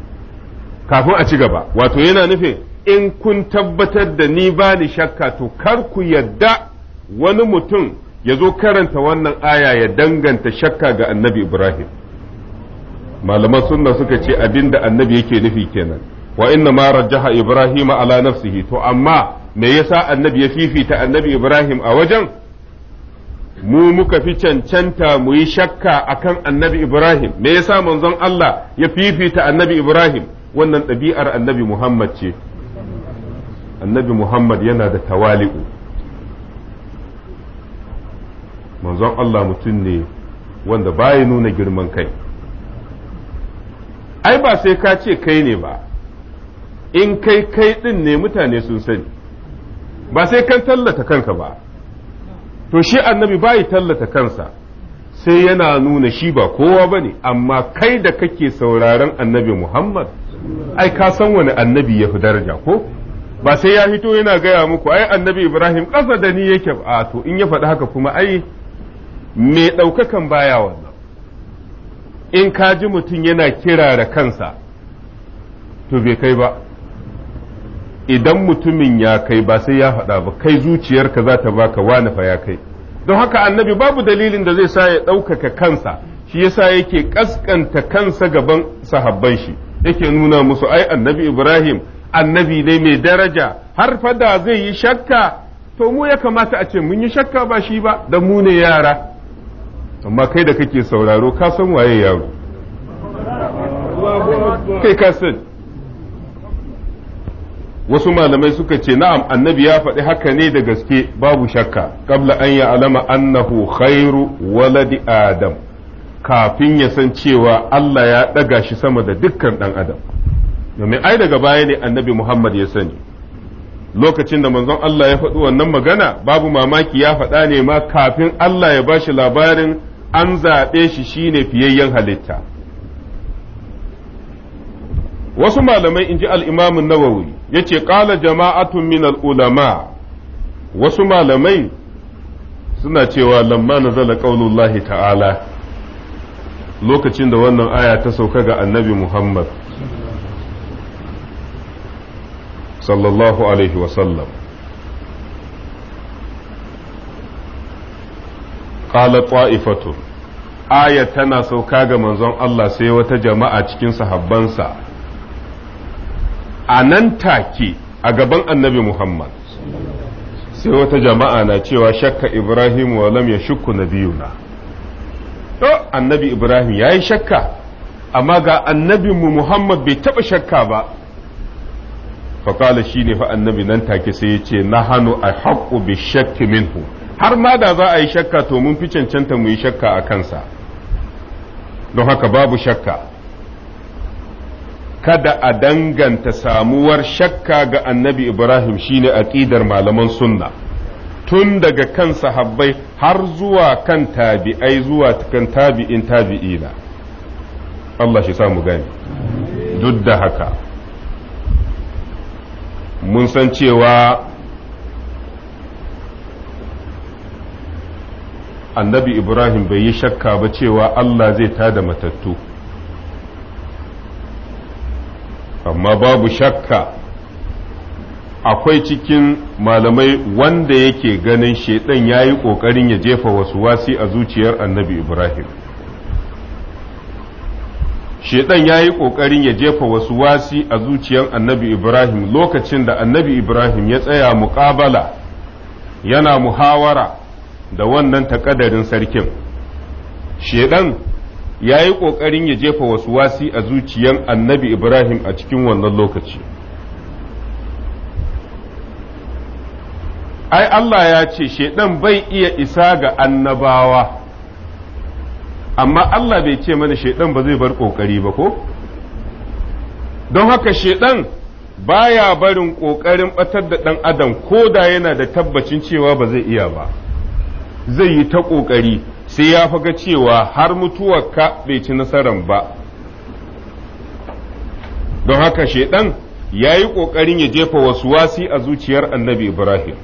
kafin a ci gaba wato yana nufi in kun tabbatar da ni bani shakka to kar ku yadda wani mutum ya zo karanta wannan aya ya danganta shakka ga annabi Ibrahim malaman sunna suka ce abinda annabi yake nufi kenan wa inna ma rajjaha Ibrahim ala nafsihi to amma me yasa annabi ya fifita annabi Ibrahim a wajen mu muka fi cancanta mu yi shakka kan annabi Ibrahim me yasa manzon Allah ya fifita annabi Ibrahim wannan ɗabi'ar annabi Muhammad ce annabi Muhammad yana da tawali'u manzon Allah mutum ne wanda baya nuna girman kai ai ba sai ka ce kai ne ba in kai kai ɗin ne mutane sun sani ba sai kan tallata kanka ba to shi annabi bayi tallata kansa sai yana nuna shi ba kowa ba ne amma kai da kake sauraron annabi muhammad ai ka san wani annabi ya fi daraja ko ba sai ya hito yana gaya muku ai annabi ibrahim ƙasa da ni yake ba to in ya faɗi haka kuma ai Me ɗaukakan baya wannan in ka ji mutum yana kira da kansa to bai kai ba idan mutumin ya kai ba sai ya faɗa ba kai zuciyarka za ta baka wani fa ya kai don haka annabi babu dalilin da zai sa ya ɗaukaka kansa shi yasa yake ƙasƙanta kansa gaban sahabban shi yake nuna musu ai annabi ibrahim annabi ne mai daraja har fada zai yi shakka to mu ya kamata a ce mun yi shakka ba shi ba da mu ne yara amma kai da kake sauraro ka san waye yaro kai ka san wasu malamai suka ce na'am annabi ya faɗi haka ne da gaske babu shakka kabla an ya alama annahu khairu waladi adam kafin ya san cewa Allah ya ɗaga shi sama da dukkan ɗan adam domin ai daga baya ne annabi Muhammad ya sani lokacin da manzon Allah ya faɗi wannan magana babu mamaki ya faɗa ne ma kafin Allah ya bashi labarin an zaɓe shi shine fiyayyen halitta wasu malamai in ji al'imamun nawawi ya ce ƙala jama'atun min ulama wasu malamai suna cewa lamma na zala ƙaunullahi ta'ala lokacin da wannan aya ta sauka ga annabi muhammad sallallahu alaihi wasallam qala ta'ifatu aya tana sauka ga manzon Allah sai wata jama'a cikin sahabbansa a nan take a gaban annabi Muhammad sai wata jama'a na cewa shakka Ibrahim wa lam yashukku nabiyuna to annabi Ibrahim yayi shakka amma ga mu Muhammad bai taba shakka ba fa shi ne fa annabi nan take sai yace nahanu na hannu a haƙƙo bi shakki minhu har ma da za a yi shakka to mun fi cancanta mu yi shakka a kansa don haka babu shakka kada a danganta samuwar shakka ga annabi ibrahim shine aƙidar malaman sunna tun daga kan sahabbai har zuwa kan tabi'ai zuwa kan tabi'in tabi'ina Allah shi samu gani duk da haka mun san cewa annabi ibrahim bai yi shakka ba cewa allah zai tada matattu amma babu shakka akwai cikin malamai wanda yake ganin shaidan ya yi ƙoƙarin ya jefa wasu wasi a zuciyar annabi ibrahim shaidan ya yi ƙoƙarin ya jefa wasu wasi a zuciyar annabi ibrahim lokacin da annabi ibrahim ya tsaya muƙabala yana muhawara da wannan takadarin sarkin shedan ya yi ƙoƙarin ya jefa wasu wasi a zuciyan annabi ibrahim a cikin wannan lokaci ai Allah ya ce shedan bai iya isa ga annabawa amma Allah bai ce mana shedan ba zai bar ƙoƙari ba ko don haka shedan baya barin ƙoƙarin ɓatar da ɗan adam ko da yana da tabbacin cewa ba zai iya ba zai yi ta ƙoƙari sai ya faga cewa har ka bai ci nasaran ba don haka shaidan ya yi ƙoƙarin ya jefa wasu wasi a zuciyar annabi ibrahim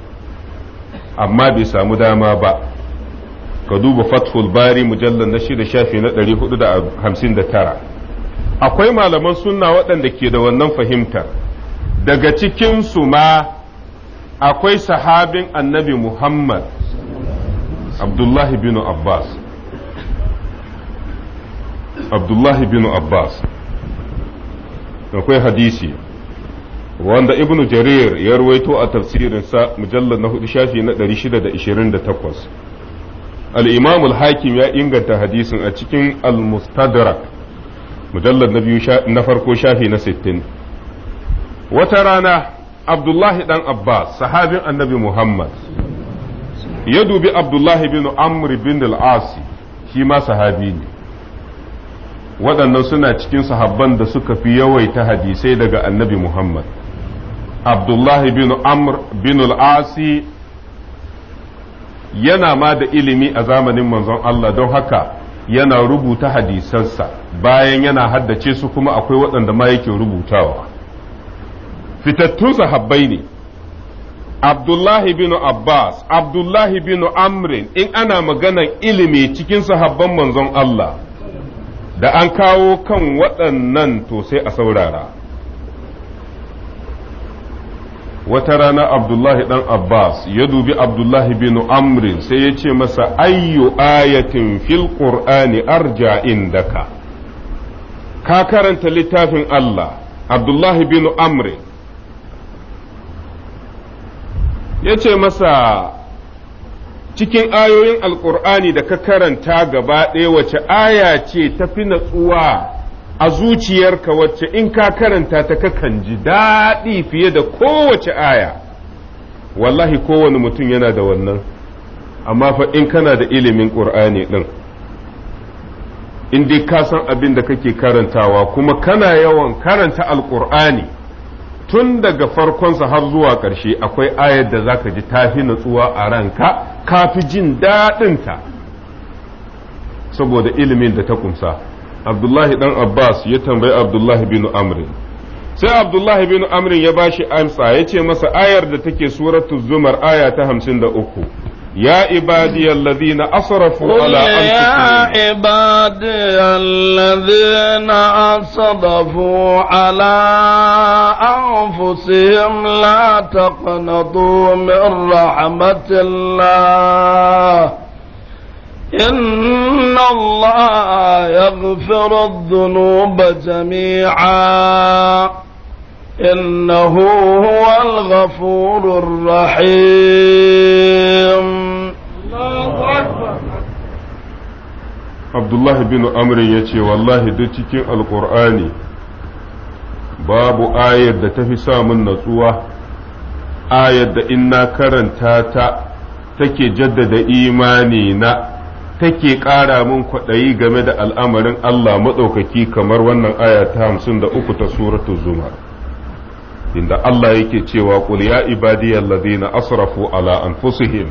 amma bai samu dama ba ka duba fathul bari mujallar na shida shafi na 459 akwai malaman sunna waɗanda ke da wannan fahimtar daga cikinsu ma akwai sahabin annabi muhammad abdullahi bin abbas abdullahi bin abbas akwai hadisi wanda ibnu jarir ya ruwaito a tafsirinsa mujallar na hudu shafi na 628 al-imam al-hakim ya inganta hadisin a cikin al-mustadrak mujallar na biyu na farko shafi na 60 wata rana abdullahi dan abbas sahabin annabi muhammad ya dubi abdullahi bin amr bin al-as shi ma sahabi ne waɗannan suna cikin sahabban da suka fi yawaita hadisai daga annabi muhammad abdullahi bin amr bin al-as yana ma da ilimi a zamanin manzon Allah don haka yana rubuta hadisansa bayan yana haddace su kuma akwai waɗanda ma yake rubutawa fitattun sahabbai ne Abdullahi bin Abbas, Abdullahi bin Amrin, in ana maganar ilimi cikin sahabban manzon Allah, da an kawo kan waɗannan to sai a saurara. Wata rana Abdullahi ɗan Abbas ya dubi Abdullahi bin Amrin sai ya ce masa ayyu ayatin fil Qur'ani arja indaka. ka karanta littafin Allah, Abdullahi bin Amrin. ya ce masa cikin ayoyin alkur'ani da ka karanta gaba ɗaya wace aya ce ta fi natsuwa a zuciyarka wacce in ka karanta ta kakan ji daɗi fiye da kowace aya wallahi kowane mutum yana da wannan amma fa in kana da ilimin ƙur'ani ɗin in dai ka san abin da kake karantawa kuma kana yawan karanta alƙur'ani tun daga farkonsa har zuwa ƙarshe akwai ayar da za ka ji tafi nutsuwa a ranka kafi jin daɗinta saboda ilimin da ta kumsa abdullahi dan abbas ya tambayi abdullahi bin amrin sai abdullahi bin amrin ya bashi amsa ya ce masa ayar da take suratul zumar aya ta hamsin da uku يا عبادي الذين أصرفوا على أنفسهم يا عبادي الذين أصرفوا على أنفسهم لا تقنطوا من رحمة الله إن الله يغفر الذنوب جميعا إنه هو الغفور الرحيم abdullahi bin amrin ya ce wallahi duk cikin alkur'ani babu ayar da ta fi samun natsuwa ayar da in na karanta ta take jaddada imani na take ƙara min kwaɗayi game da al'amarin Allah maɗaukaki kamar wannan aya ta hamsin da uku ta suratu zuma, inda Allah yake cewa ƙul ya ibadiyar ladina asrafu ala anfusihim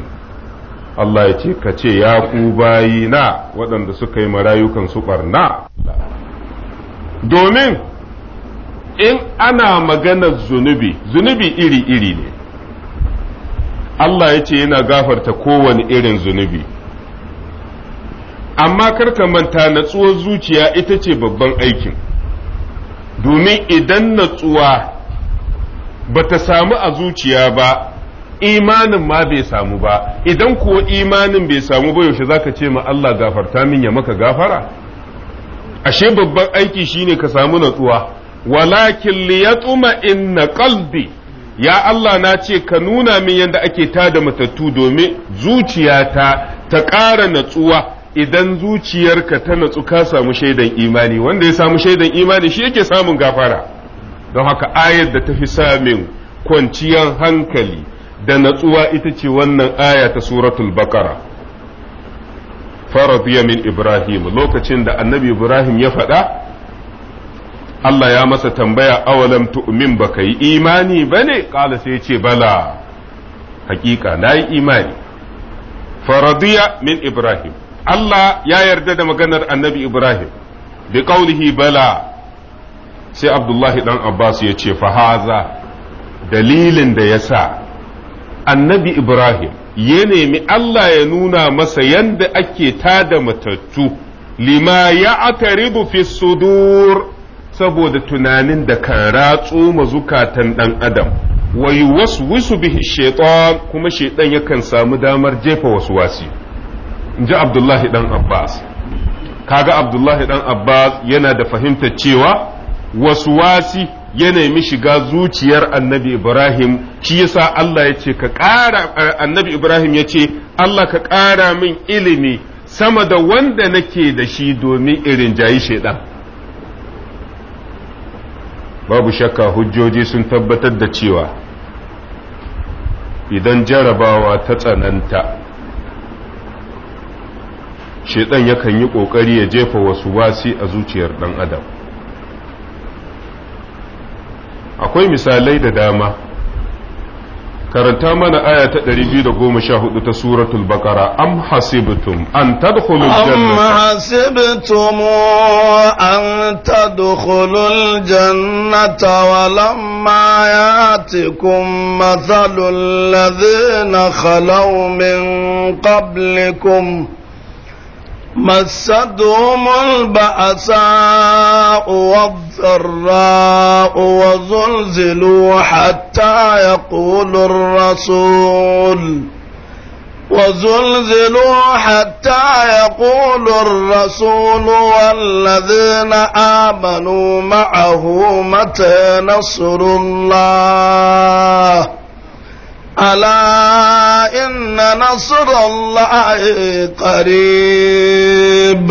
Allah ya ce ka ce ya ku bayi na waɗanda suka yi marayukan su ɓarna domin in ana maganar zunubi zunubi iri-iri ne Allah ya ce yana gafarta kowane irin zunubi amma karka manta natsuwar zuciya ita ce babban aikin domin idan natsuwa ba ta samu a zuciya ba imanin ma bai samu ba idan kuwa imanin bai samu ba yaushe zaka ce ma Allah gafarta min ya maka gafara ashe babban aiki shine ka samu natsuwa walakin liyatuma inna qalbi ya Allah na ce ka nuna min yadda ake tada matattu domin zuciyata ta ƙara natsuwa idan zuciyarka ta natsu ka samu shaidan imani wanda ya samu shaidan imani shi yake samun gafara don haka ayar da ta fi samin kwanciyar hankali da natsuwa ita ce wannan aya ta suratul bakara faradiya min ibrahim lokacin da annabi ibrahim ya faɗa Allah ya masa tambaya awalam tu'min baka yi imani ne? kala sai ce bala hakika na yi imani faradiya min ibrahim Allah ya yarda da maganar annabi ibrahim bi qaulihi bala sai abdullahi dan abbas ya ce fahaza dalilin da ya sa annabi Ibrahim ya nemi Allah ya nuna masa yadda ake tada matattu lima ya ataribu fi sudur saboda tunanin da kan ratso mazukatan ɗan adam wasu wasu bi shaitan kuma shaitan yakan samu damar jefa waswasi in ji Abdullahi dan Abbas kaga Abdullahi dan Abbas yana da fahimtar cewa wasu wasi. ya nemi shiga zuciyar annabi Ibrahim shi yasa Allah ya ce ka ƙara annabi Ibrahim ya ce Allah ka ƙara min ilimi sama da wanda nake da shi domin irin jayi shaidan babu shakka hujjoji sun tabbatar da cewa idan jarabawa ta tsananta shaidan yakan yi ƙoƙari ya jefa wasu wasi a zuciyar ɗan adam akwai misalai da dama karanta mana aya ta 214 ta suratul baqara am hasibtum an tadkhulul jannata am hasibtum an tadkhulul jannata wa lamma yatikum mathalul ladhina khalaw min qablikum مستهم البأساء والضراء وزلزلوا حتى يقول الرسول وزلزلوا حتى يقول الرسول والذين آمنوا معه متى نصر الله ألا إن نصر الله قريب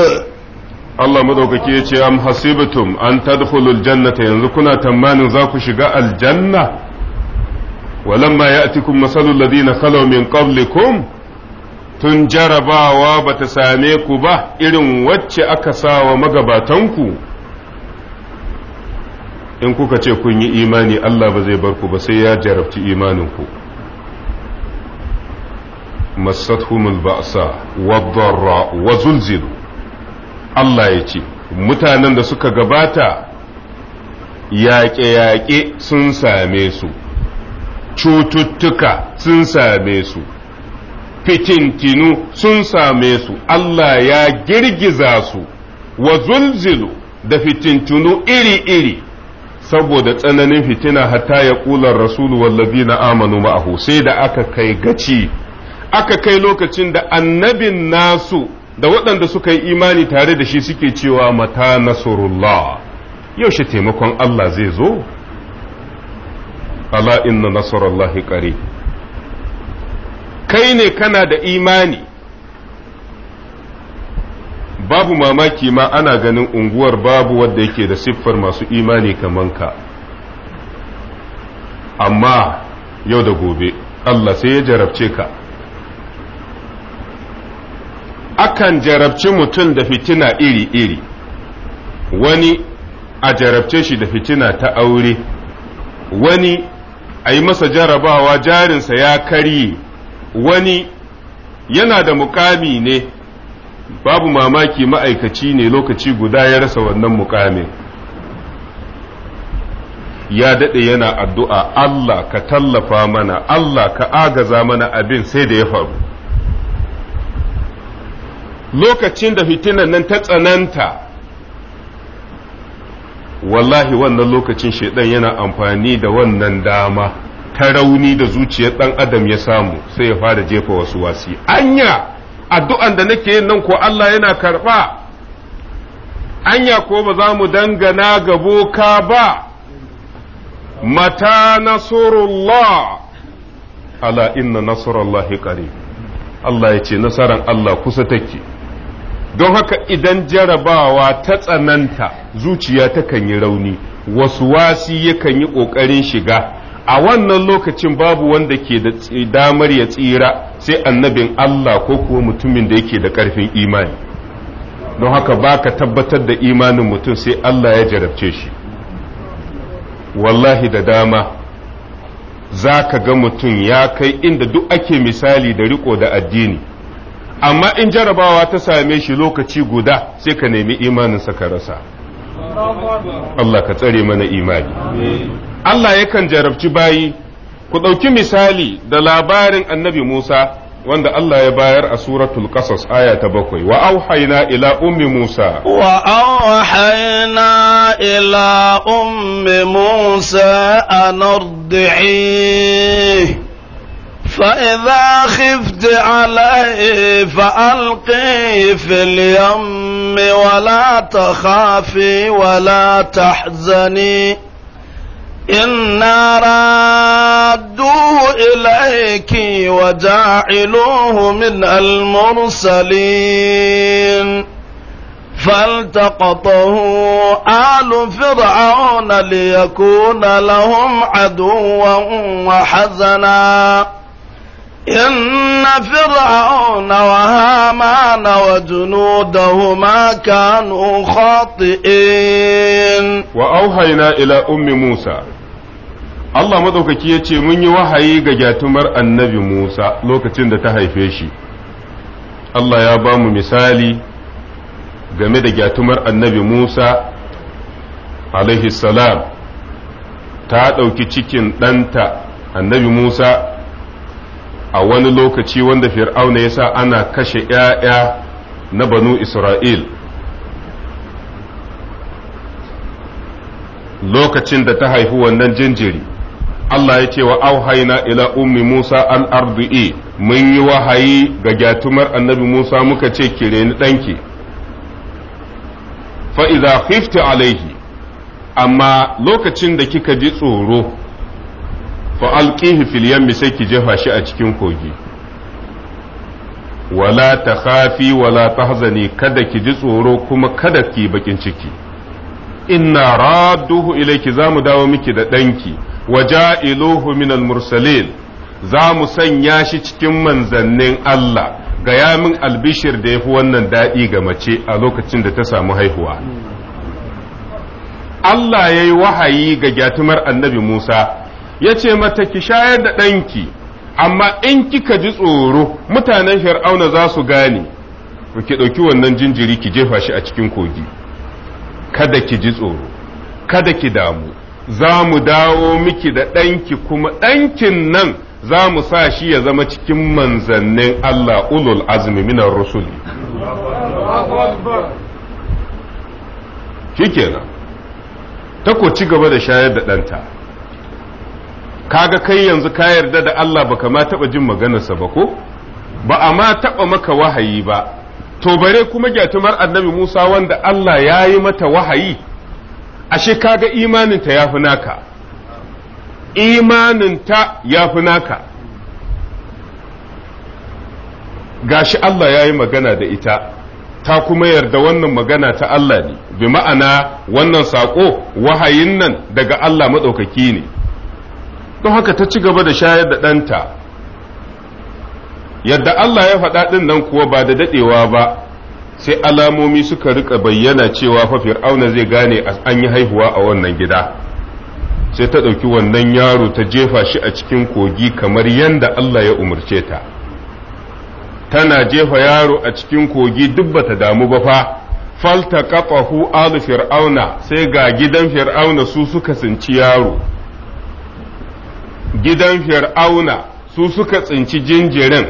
Allah madaukaki ya ce am hasibatum an tadkhulul jannata yanzu kuna tamanin za ku shiga aljanna walamma ya'tikum masalul ladina khalaw min qablikum tun jarabawa bata same ku ba irin wacce aka sawa magabatan ku? in kuka ce kun yi imani Allah ba zai bar ku ba sai ya jarabci imaninku ku massatuhum alba'sa wadh wa Allah ya mutanen da suka gabata yaƙe-yaƙe sun same su cututtuka sun same su fitintinu sun same su Allah ya girgiza su wa zulzilu da fitintinu iri-iri saboda tsananin fitina hatta ya ƙular rasulu wallazina na amanu ma'ahu sai da aka kai gaci aka kai lokacin da annabin nasu da waɗanda suka yi imani tare da shi suke cewa mata nasarullah yaushe taimakon Allah zai zo ala inna nasarallahi ƙare kai ne kana da imani babu mamaki ma ana ganin unguwar babu wadda yake da siffar masu imani kamar ka amma yau da gobe Allah sai ya jarabce ka akan jarabci mutum da fitina iri-iri wani a jarabce shi da fitina ta aure wani a yi masa jarabawa jarinsa ya karye wani yana da mukami ne babu mamaki ma'aikaci ne lokaci guda ya rasa wannan mukamin ya daɗe yana addu'a Allah ka tallafa mana Allah ka agaza mana abin sai da ya faru lokacin da fitinan nan ta tsananta wallahi wannan lokacin shaidan yana amfani da wannan dama ta rauni da zuciyar dan adam ya samu sai ya fara jefa wasu wasi anya addu'an da nake yin nan ko Allah yana karba anya ko ba za mu dangana ga boka ba mata nasrullah ala inna nasrullahi qarib Allah ya ce nasaran Allah kusa take don haka idan jarabawa ta tsananta zuciya takan yi rauni wasu wasi yakan yi ƙoƙarin shiga a wannan lokacin babu wanda ke da damar ya tsira sai annabin Allah ko kuwa mutumin da yake da ƙarfin imani don haka ba ka tabbatar da imanin mutum sai Allah ya jarabce shi wallahi da dama za ka ga mutum ya kai inda duk ake misali da riko da addini amma in jarabawa ta same shi lokaci guda sai ka nemi imaninsa ka rasa Allah ka tsare mana imani Allah yakan jarabci bayi ku ɗauki misali da labarin annabi Musa wanda Allah ya bayar a suratul qasas aya ta bakwai wa auhayna ila ummi Musa wa auhayna ila ummi Musa an فإذا خفت عليه فألقي في اليم ولا تخافي ولا تحزني إنا رادوه إليك وجاعلوه من المرسلين فالتقطه آل فرعون ليكون لهم عدوا وحزنا إن فرعون وهامان وجنودهما كانوا خاطئين وأوحينا إلى أم موسى Allah madaukaki ya ce mun yi wahayi ga gyatumar annabi Musa lokacin da ta haife shi, Allah ya ba mu misali game da gyatumar annabi Musa alaihi salam ta ɗauki cikin ɗanta annabi Musa a wani lokaci wanda fir'auna ya sa ana kashe ‘ya'ya na banu Isra'il lokacin da ta haifi wannan jinjiri Allah ya ce wa auhaina ila ummi Musa al'ardu'i mun yi wahayi ga gyatumar annabi Musa muka ce ki reni ɗanki fa'iza khifti alaihi amma lokacin da kika ji tsoro fa alqihi fil yammi sai ki jefa shi a cikin kogi wala ta khafi wala tahzani kada ki ji tsoro kuma kada ki bakin ciki inna radduhu ilayki zamu dawo miki da danki wa ja'iluhu minal mursalin za mu sanya shi cikin manzannin Allah ga yamin albishir da yafi wannan daɗi ga mace a lokacin da ta samu haihuwa hmm. Allah ya yi wahayi ga gyatumar annabi Musa ya ce mata ki shayar da ɗanki amma in kika ji tsoro mutanen fir'auna za su gane ki ɗauki wannan jinjiri ki jefa shi a cikin kogi kada ki ji tsoro kada ki damu za mu dawo miki da ɗanki kuma ɗankin nan za mu sa shi ya zama cikin manzannin Allah ulul azmi minar rusuli kenan ta ko ci gaba da shayar da ɗanta kaga kai yanzu ka yarda da Allah baka ma taɓa jin maganarsa ba ko ba a ma taɓa maka wahayi ba to bare kuma gyatumar annabi Musa wanda Allah ya yi mata wahayi ashe kaga imaninta ya yafi naka imaninta ya yafi naka gashi Allah ya yi magana da ita ta kuma yarda wannan magana ta Allah ne bi ma'ana wannan sako wahayin nan daga Allah maɗaukaki ne don haka ta ci gaba da shayar da ɗanta yadda Allah ya faɗa ɗin nan kuwa ba da daɗewa ba sai alamomi suka rika bayyana cewa fa fir'auna zai gane an yi haihuwa a wannan gida sai ta ɗauki wannan yaro ta jefa shi a cikin kogi kamar yadda Allah ya umarce ta tana jefa yaro a cikin kogi duk bata damu ba fa falta kafahu alu fir'auna sai ga gidan fir'auna su suka sinci yaro gidan fir'auna su suka tsinci jinjirin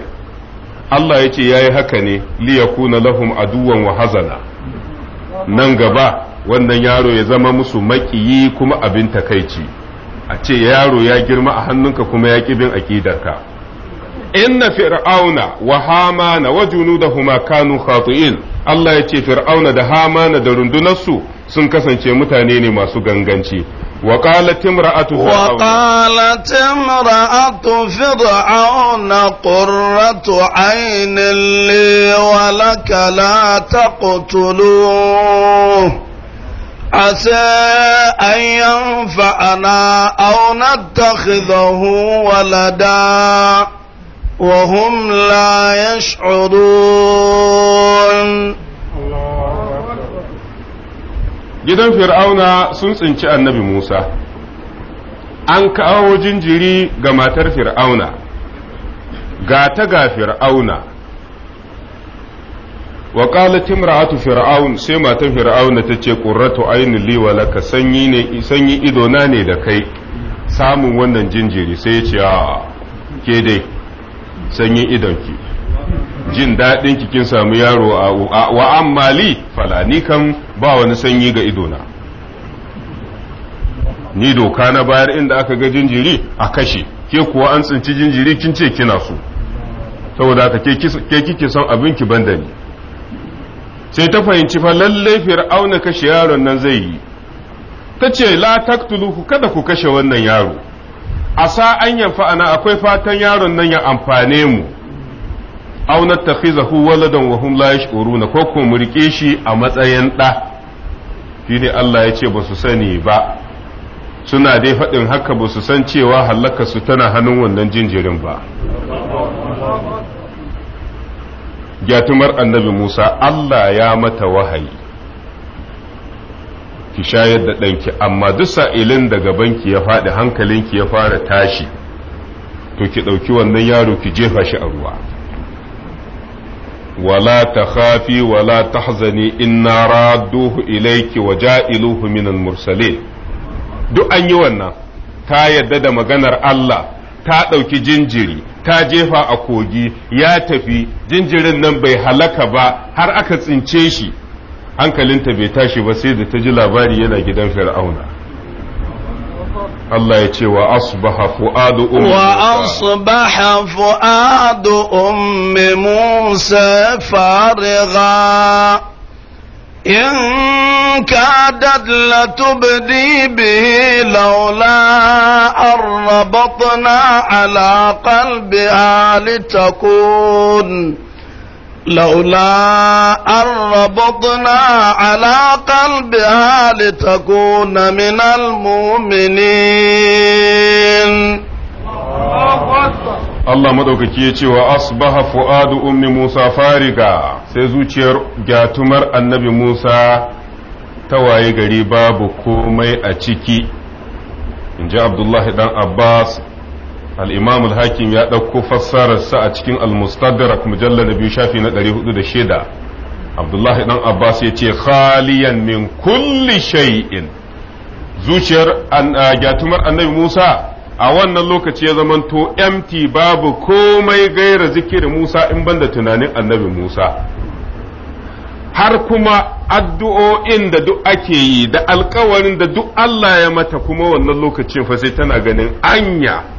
Allah ya ce ya yi haka ne liyakuna lahum aduwan wa hazana nan gaba wannan yaro ya zama musu maƙiyi kuma abin takaici a ce yaro ya girma a hannunka kuma ya bin aƙidarka inna fir'auna wa hamana wa junudahuma kanu khati'in Allah ya ce fir'auna da hamana da rundunarsu sun kasance mutane ne masu ganganci وقالت امرأة فرعون وقالت امرأة فرعون قرة عين لي ولك لا تقتلوه عسى أن ينفعنا أو نتخذه ولدا وهم لا يشعرون gidan fir'auna sun tsinci annabi musa an kawo jinjiri ga matar fir'auna ga ta ga fir'auna wa qalat timra'atu fir'aun sai matar fir'auna ta ce ƙurratu ayni li wa sanyi idona ne da kai samun wannan jinjiri sai ya ce a ke dai sanyi idonki jin daɗin ki kin samu yaro a wa ammali fala ni kan ba wani sanyi ga idona ni doka na bayar inda aka ga jinjiri a kashe ke kuwa an tsinci jinjiri kin ce kina so saboda haka ke kike son abin ki banda ni sai ta fahimci fa lalle fir'auna kashe yaron nan zai yi ta ce la taktuluhu kada ku kashe wannan yaro asa an yanfa ana akwai fatan yaron nan ya amfane mu aw nattakhizahu waladan wa hum la yash'uruna ko ko mu rike shi a matsayin da shine Allah ya ce ba su sani ba suna dai faɗin haka ba su san cewa hallaka su tana hannun wannan jinjirin ba gyatumar annabi Musa Allah ya mata wahayi ki shayar da ɗanki amma duk sa'ilin da banki ya faɗi hankalinki ya fara tashi to ki ɗauki wannan yaro ki jefa shi a ruwa wala ta khafi wala tahzani inna radduhu ilayki wa ja'iluhu minal mursalin duk an yi wannan ta yadda da maganar Allah ta ɗauki jinjiri ta jefa a kogi ya tafi jinjirin nan bai halaka ba har aka tsince shi hankalinta bai tashi ba sai da ta ji labari yana gidan fir'auna الله يتي وأصبح فؤاد أم موسى وأصبح فؤاد أم موسى فارغا إن كادت لتبدي به لولا أن ربطنا على قلبها لتكون لولا أن ربطنا على قلبها لتكون من المؤمنين Allah maɗaukaki ya ce wa asbaha fu'adu ummi Musa fariga sai zuciyar gyatumar annabi Musa ta waye gari babu komai a ciki inji Abdullahi dan Abbas al-imam hakim ya ɗauko fassararsa a cikin al mujallar mujallal biyu shafi na da 406 abdullahi dan abbas ya ce khaliyan min kulli shay'in zuciyar gyatumar annabi musa a wannan lokaci ya zamanto empty babu komai gaira zikirin musa in banda tunanin annabi musa har kuma addu'o'in da duk ake yi da alkawarin da duk Allah ya mata kuma wannan lokacin fa tana ganin anya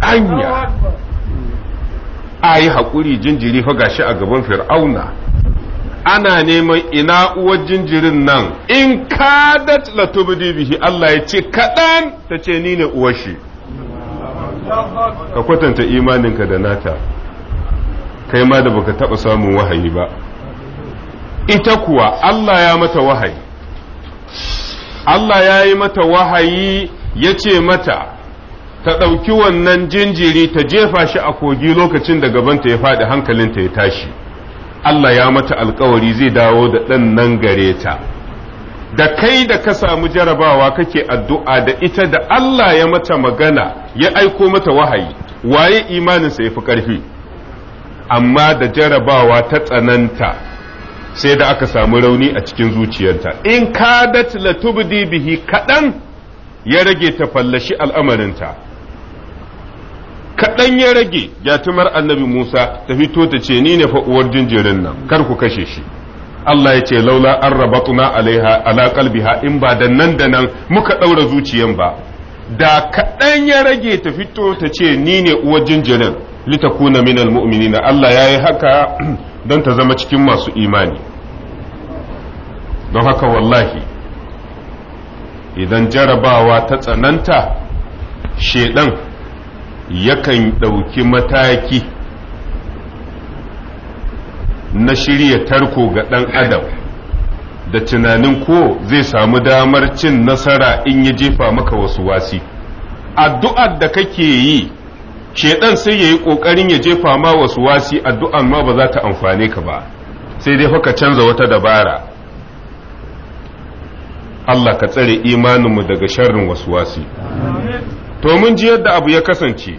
anya a yi haƙuri jinjiri fa shi a gaban fir'auna ana neman ina uwar jinjirin nan in kadat latubdi bihi Allah ya ce kaɗan ta ce ni ne uwar shi ka kwatanta imaninka da nata kai ma da baka taɓa samun wahayi ba ita kuwa Allah ya mata wahayi Allah ya yi mata wahayi ya ce mata ta ɗauki wannan jinjiri ta jefa shi a kogi lokacin da gabanta ya faɗi hankalinta ya tashi Allah ya mata alkawari zai dawo da ɗan nan gare ta da kai da ka samu jarabawa kake addu'a da ita da Allah ya mata magana ya aiko mata wahayi waye imaninsa ya fi ƙarfi amma da jarabawa ta tsananta sai da aka samu rauni a cikin zuciyarta in kadat latubdi bihi kaɗan ya rage ta fallashi al'amarinta kaɗan ya rage yatimar annabi Musa ta fito ta ce ni ne fa uwar jinjirin nan kar ku kashe shi Allah ya ce laula an rabatuna alaiha ala qalbiha in ba da nan da nan muka ɗaura zuciyan ba da kaɗan ya rage ta fito ta ce ni ne uwar jinjirin litakuna min almu'minina Allah ya yi haka don ta zama cikin masu imani don haka wallahi idan jarabawa ta tsananta shedan yakan ɗauki mataki na shirya tarko ga ɗan adam da tunanin ko zai samu damar cin nasara in ya jefa maka wasu wasi addu'ar da kake yi ɗan sai ya yi ƙoƙarin ya jefa ma wasu wasi addu'an ma ba za ta amfane ka ba sai dai ka canza wata dabara Allah ka tsare imaninmu daga sharrin wasu wasi to mun ji yadda abu ya kasance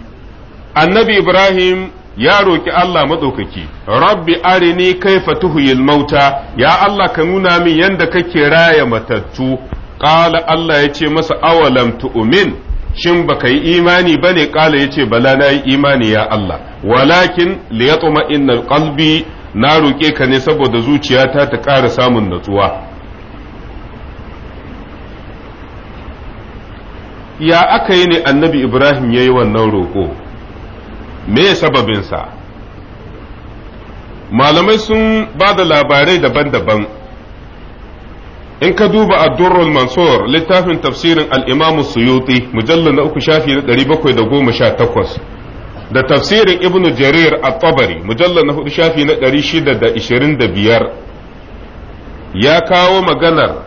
annabi ibrahim ya roƙi Allah maɗaukaki rabbi arini kaifa yi mauta ya Allah ka nuna min yadda kake raya matattu qala Allah ya ce masa awalam tu'min shin baka yi imani bane qala ya ce bala na yi imani ya Allah walakin liyatma inna qalbi na roƙe ka ne saboda zuciyata ta ƙara samun natsuwa ya aka yi ne annabi ibrahim ya yi wannan roƙo me sababinsa malamai sun ba da labarai daban-daban in ka duba addurrul mansur littafin tafsirin al'imamu suyuti mujallar na uku shafi na bakwai da tafsirin ibn jarir a tabari mujallar na hudu shafi na biyar ya kawo maganar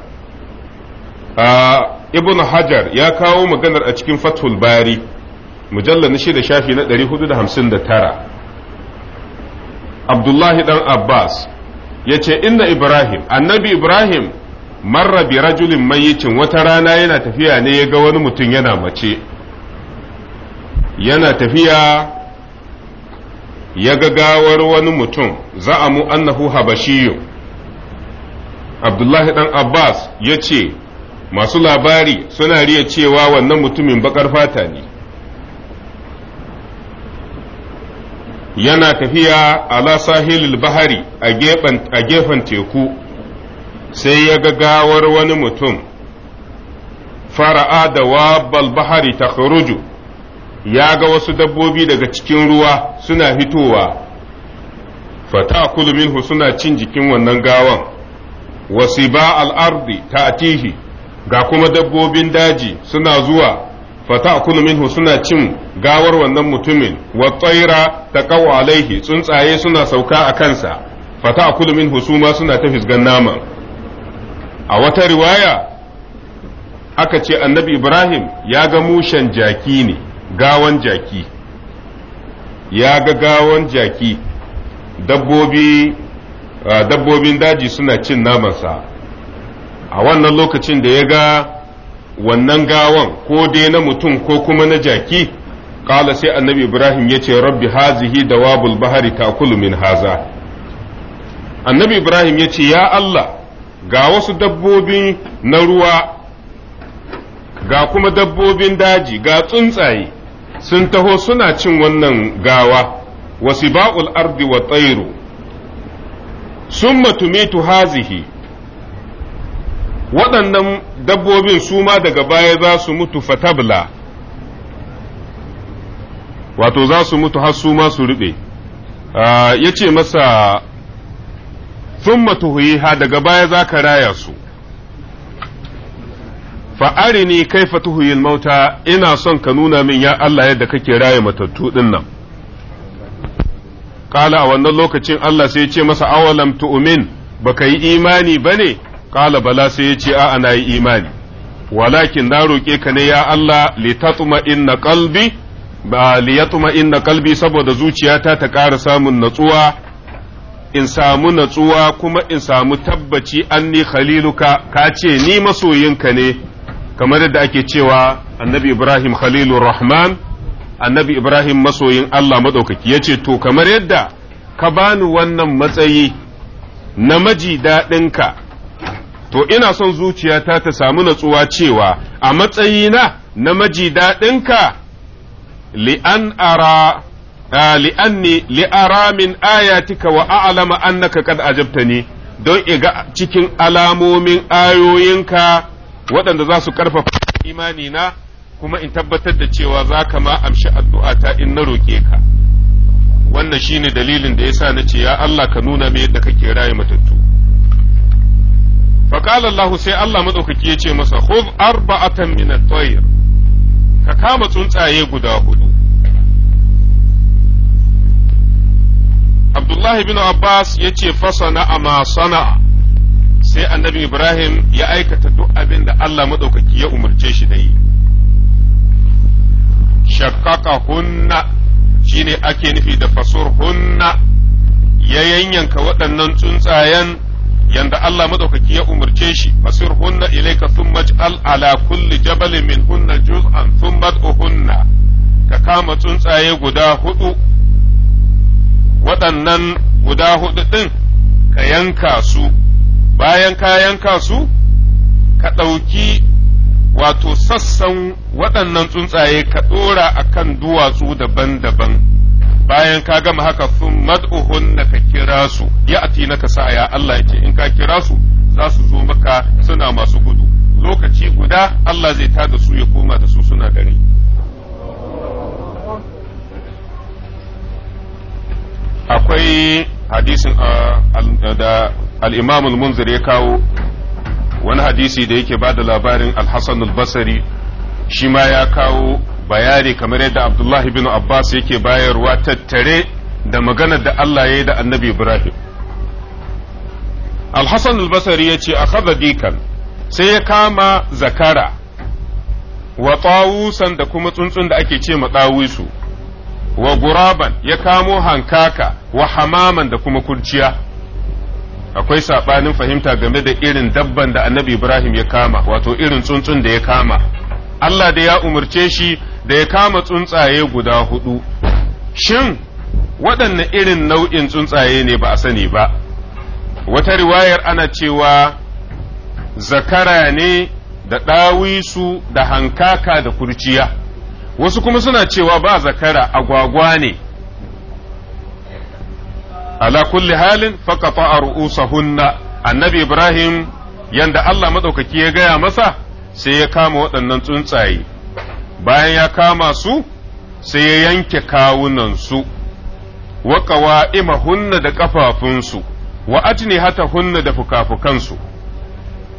a ah, ibn hajar ya kawo maganar a cikin fathul bari mujallar na shida shafi na 459 abdullahi dan abbas ya ce inna ibrahim annabi ibrahim marra bi rajulin mayyicin wata rana yana tafiya ne ya ga wani mutum yana mace yana tafiya ya ga gawar wani mutum za'amu annahu habashiyu abdullahi dan abbas ya ce masu labari suna riya cewa wannan mutumin bakar fata ne yana tafiya ala sahilul bahari a gefen teku sai ya ga gawar wani mutum fara'a da wabbal bahari ta ya ga wasu dabbobi daga cikin ruwa suna fitowa fata minhu suna cin jikin wannan gawan wasiba al'ardi ta atihi ga kuma dabbobin daji suna zuwa fata minhu suna cin gawar wannan mutumin wa tsaira ta kawo alaihi tsuntsaye suna sauka a kansa fata minhu su ma suna ta fisgan naman a wata riwaya aka ce annabi ibrahim ya ga mushen jaki ne gawan jaki ya ga gawan jaki dabbobin daji suna cin namansa a wannan lokacin da ya ga wannan gawan ko dai na mutum ko kuma na jaki kala sai annabi ibrahim ya ce rabbi hazihi da wabul bahari takulu min haza annabi ibrahim ya ce ya allah ga wasu dabbobi na ruwa ga kuma dabbobin daji ga tsuntsaye sun taho suna cin wannan gawa wasiba'ul ardi wa tsairu matume tu hazihi waɗannan dabbobin su ma daga baya za su mutu fatabla wato za su mutu har su ma su ruɓe ah, ya ce masa sun ha daga baya za ka raya su fa'arini kai fatuhuyil mauta ina son ka nuna min ya Allah yadda kake raya matattu ɗin nan kala a wannan lokacin Allah sai ce masa awalam ba baka yi imani bane qala bala sai ya ce a ana yi imani walakin na roƙe ka ne ya Allah li tatma inna qalbi ba li yatma inna qalbi saboda zuciyata ta ƙara samun natsuwa in samu natsuwa kuma in samu tabbaci anni khaliluka ka ce ni masoyinka ne kamar yadda ake cewa annabi Ibrahim Khalilu rahman annabi Ibrahim masoyin Allah madaukaki yace to kamar yadda ka bani wannan matsayi namiji daɗinka to ina son zuciyata ta samu natsuwa cewa a matsayina na maji daɗinka li'an ara li'anni li'ara min ayatika wa a'lama annaka qad ajabtani don iga cikin alamomin ayoyinka waɗanda za su ƙarfafa imanina kuma in tabbatar da cewa za ka ma amshi addu'ata in na roƙe ka wannan shine dalilin da yasa na ce ya Allah ka nuna min yadda kake raye matattu فقال الله سي الله مدوكك masa مسا خذ أربعة من الطير ككامة تنتعي قدا هدو عبد الله بن عباس يتي فصنع ما صنع sai annabi Ibrahim ya aikata duk abin da Allah maɗaukaki ya umarce shi da yi. Shakaka hunna shine ne ake nufi da fasur hunna ya yanyanka waɗannan tsuntsayen yanda Allah madaukaki ya umarce shi fasir hunna ilayka thumma al ala kulli jabal min hunna juz'an thumma uhunna ka kama tsuntsaye guda hudu waɗannan guda hudu din ka yanka su bayan ka yanka su ka ɗauki wato sassan waɗannan tsuntsaye ka ɗora akan duwatsu daban-daban bayan ka gama haka sun mad'uhun na ka kira su ya a na ka ya Allah ya ce in ka kira su za su zo maka suna masu gudu lokaci guda Allah zai tada su ya koma da su suna gari akwai hadisin da al'imam al-munzir ya kawo wani hadisi da yake ba da labarin al hassan al basari shi ma ya kawo bayani kamar yadda Abdullahi bin Abbas yake bayarwa tattare da maganar da Allah ya yi da annabi Ibrahim. Al-Hassan al-Basari ya ce, a dikan sai ya kama zakara wa tsawusan da kuma tsuntsun da ake ce ɗawusu wa guraban ya kamo hankaka wa hamaman da kuma kurciya. akwai saɓanin fahimta game da irin dabban da annabi Ibrahim ya kama wato irin tsuntsun da ya kama Allah da ya umarce shi da ya kama tsuntsaye guda hudu shin waɗanne irin nau'in tsuntsaye ne ba a sani ba wata riwayar ana cewa zakara ne da ɗawisu da hankaka da kurciya wasu kuma suna cewa ba zakara agwagwa ne ala kulli halin fa'ar a ru'usahunna annabi ibrahim yanda allah maɗaukaki ya gaya masa sai ya kama waɗannan tsuntsaye bayan ya kama su sai ya yanke kawunansu wa hunna da ƙafafunsu wa hunna da fukafukansu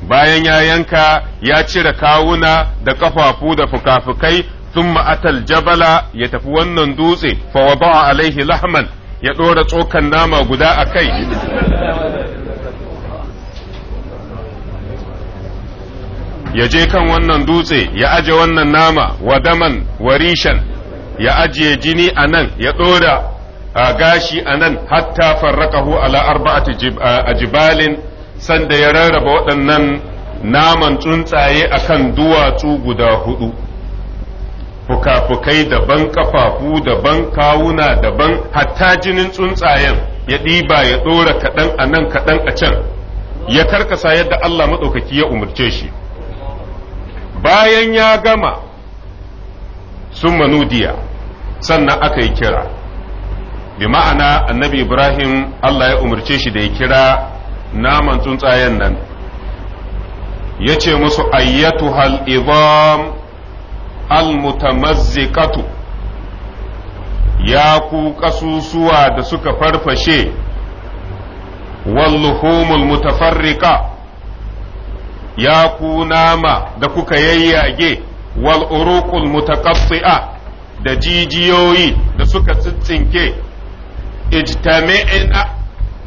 bayan ya yanka ya cire kawuna da ƙafafu da fukafukai jabala ya tafi wannan dutse يتفون alaihi lahman ya ɗora tsokan nama guda a kai. ya je kan wannan dutse ya aje wannan nama wa daman warishan ya ajiye jini a nan ya ɗora a gashi a nan hatta farrakahu ala arba'ati a jibalin sanda ya rarraba waɗannan naman tsuntsaye a kan duwatsu guda hudu fukafukai daban kafafu daban kawuna daban hatta jinin tsuntsayen ya ɗiba ya ɗora kaɗan a nan kaɗan a can ya karkasa yadda Allah maɗaukaki ya umarce shi bayan ya gama sun manudiya sannan aka yi kira bi ma'ana annabi ibrahim allah ya umarce shi da ya kira naman tsuntsayen nan ya ce musu ayyatu hal'izam al-mutamazzikatu ya ku ƙasusuwa da suka farfashe واللحوم المتفرقة ya ku nama da kuka yayyage wal uruqul mutaqassi'a da jijiyoyi da suka tsitsinke ijtami'ina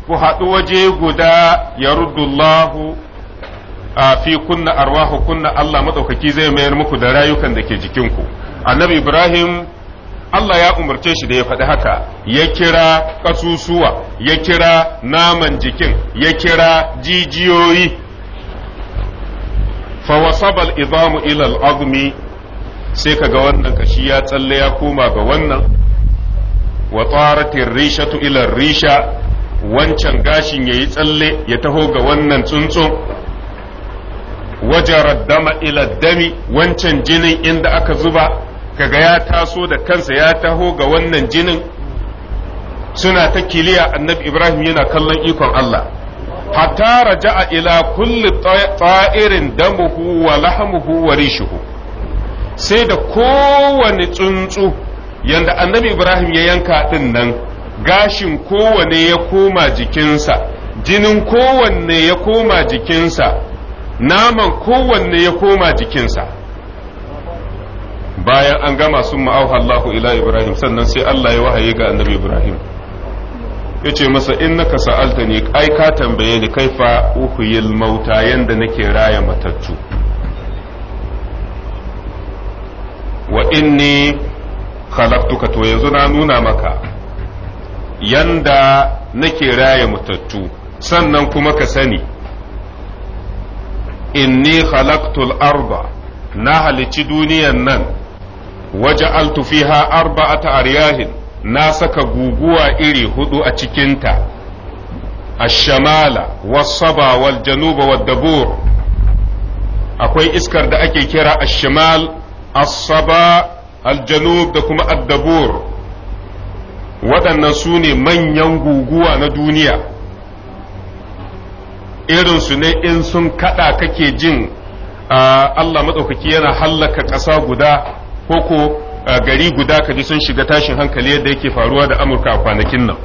ku haɗu waje guda ya ruddullahu fi kunna arwahu kunna Allah maɗaukaki zai mayar muku da rayukan da ke jikinku annabi Ibrahim Allah ya umarce shi da ya faɗi haka ya kira ƙasusuwa ya kira naman jikin ya kira jijiyoyi fa wasabal idamu ila al-azmi sai kaga wannan kashi ya tsalle ya koma ga wannan wa taratir rishatu ila risha wancan gashin yayi tsalle ya taho ga wannan tsuntsun Wajen dama ila dami wancan jinin inda aka zuba kaga ya taso da kansa ya taho ga wannan jinin suna ta kiliya annabi ibrahim yana kallon ikon Allah hatta a ila kulli ta'irin damuhu wa lahmuhu wa rishuhu sai da kowane tsuntsu yanda annabi ibrahim ya yanka din nan gashin kowane ya koma jikinsa jinin kowanne ya koma jikinsa naman kowanne ya koma jikinsa bayan an gama sun ma'auha Allahu ila Ibrahim sannan sai Allah ya wahaye ga annabi Ibrahim yace ce masa in naka sa'alta ai ka tambaye ni kaifa uhuyil mauta yanda nake raya matattu wa inni khalaqtuka to yanzu na nuna maka yanda nake raya matattu sannan kuma ka sani inni khalaqtul arba na halicci duniyan nan waje arba arba'ata aryahin na saka guguwa iri hudu a cikinta ashamala wasaba wal januba dabur akwai iskar da ake kira ashamal asaba al janub da kuma ad dabur waɗannan su ne manyan guguwa na duniya irinsu ne in sun kaɗa kake jin ah, Allah maɗaukaki yana hallaka ƙasa guda koko gari guda kaji sun shiga tashin hankali yadda yake faruwa da amurka a kwanakin nan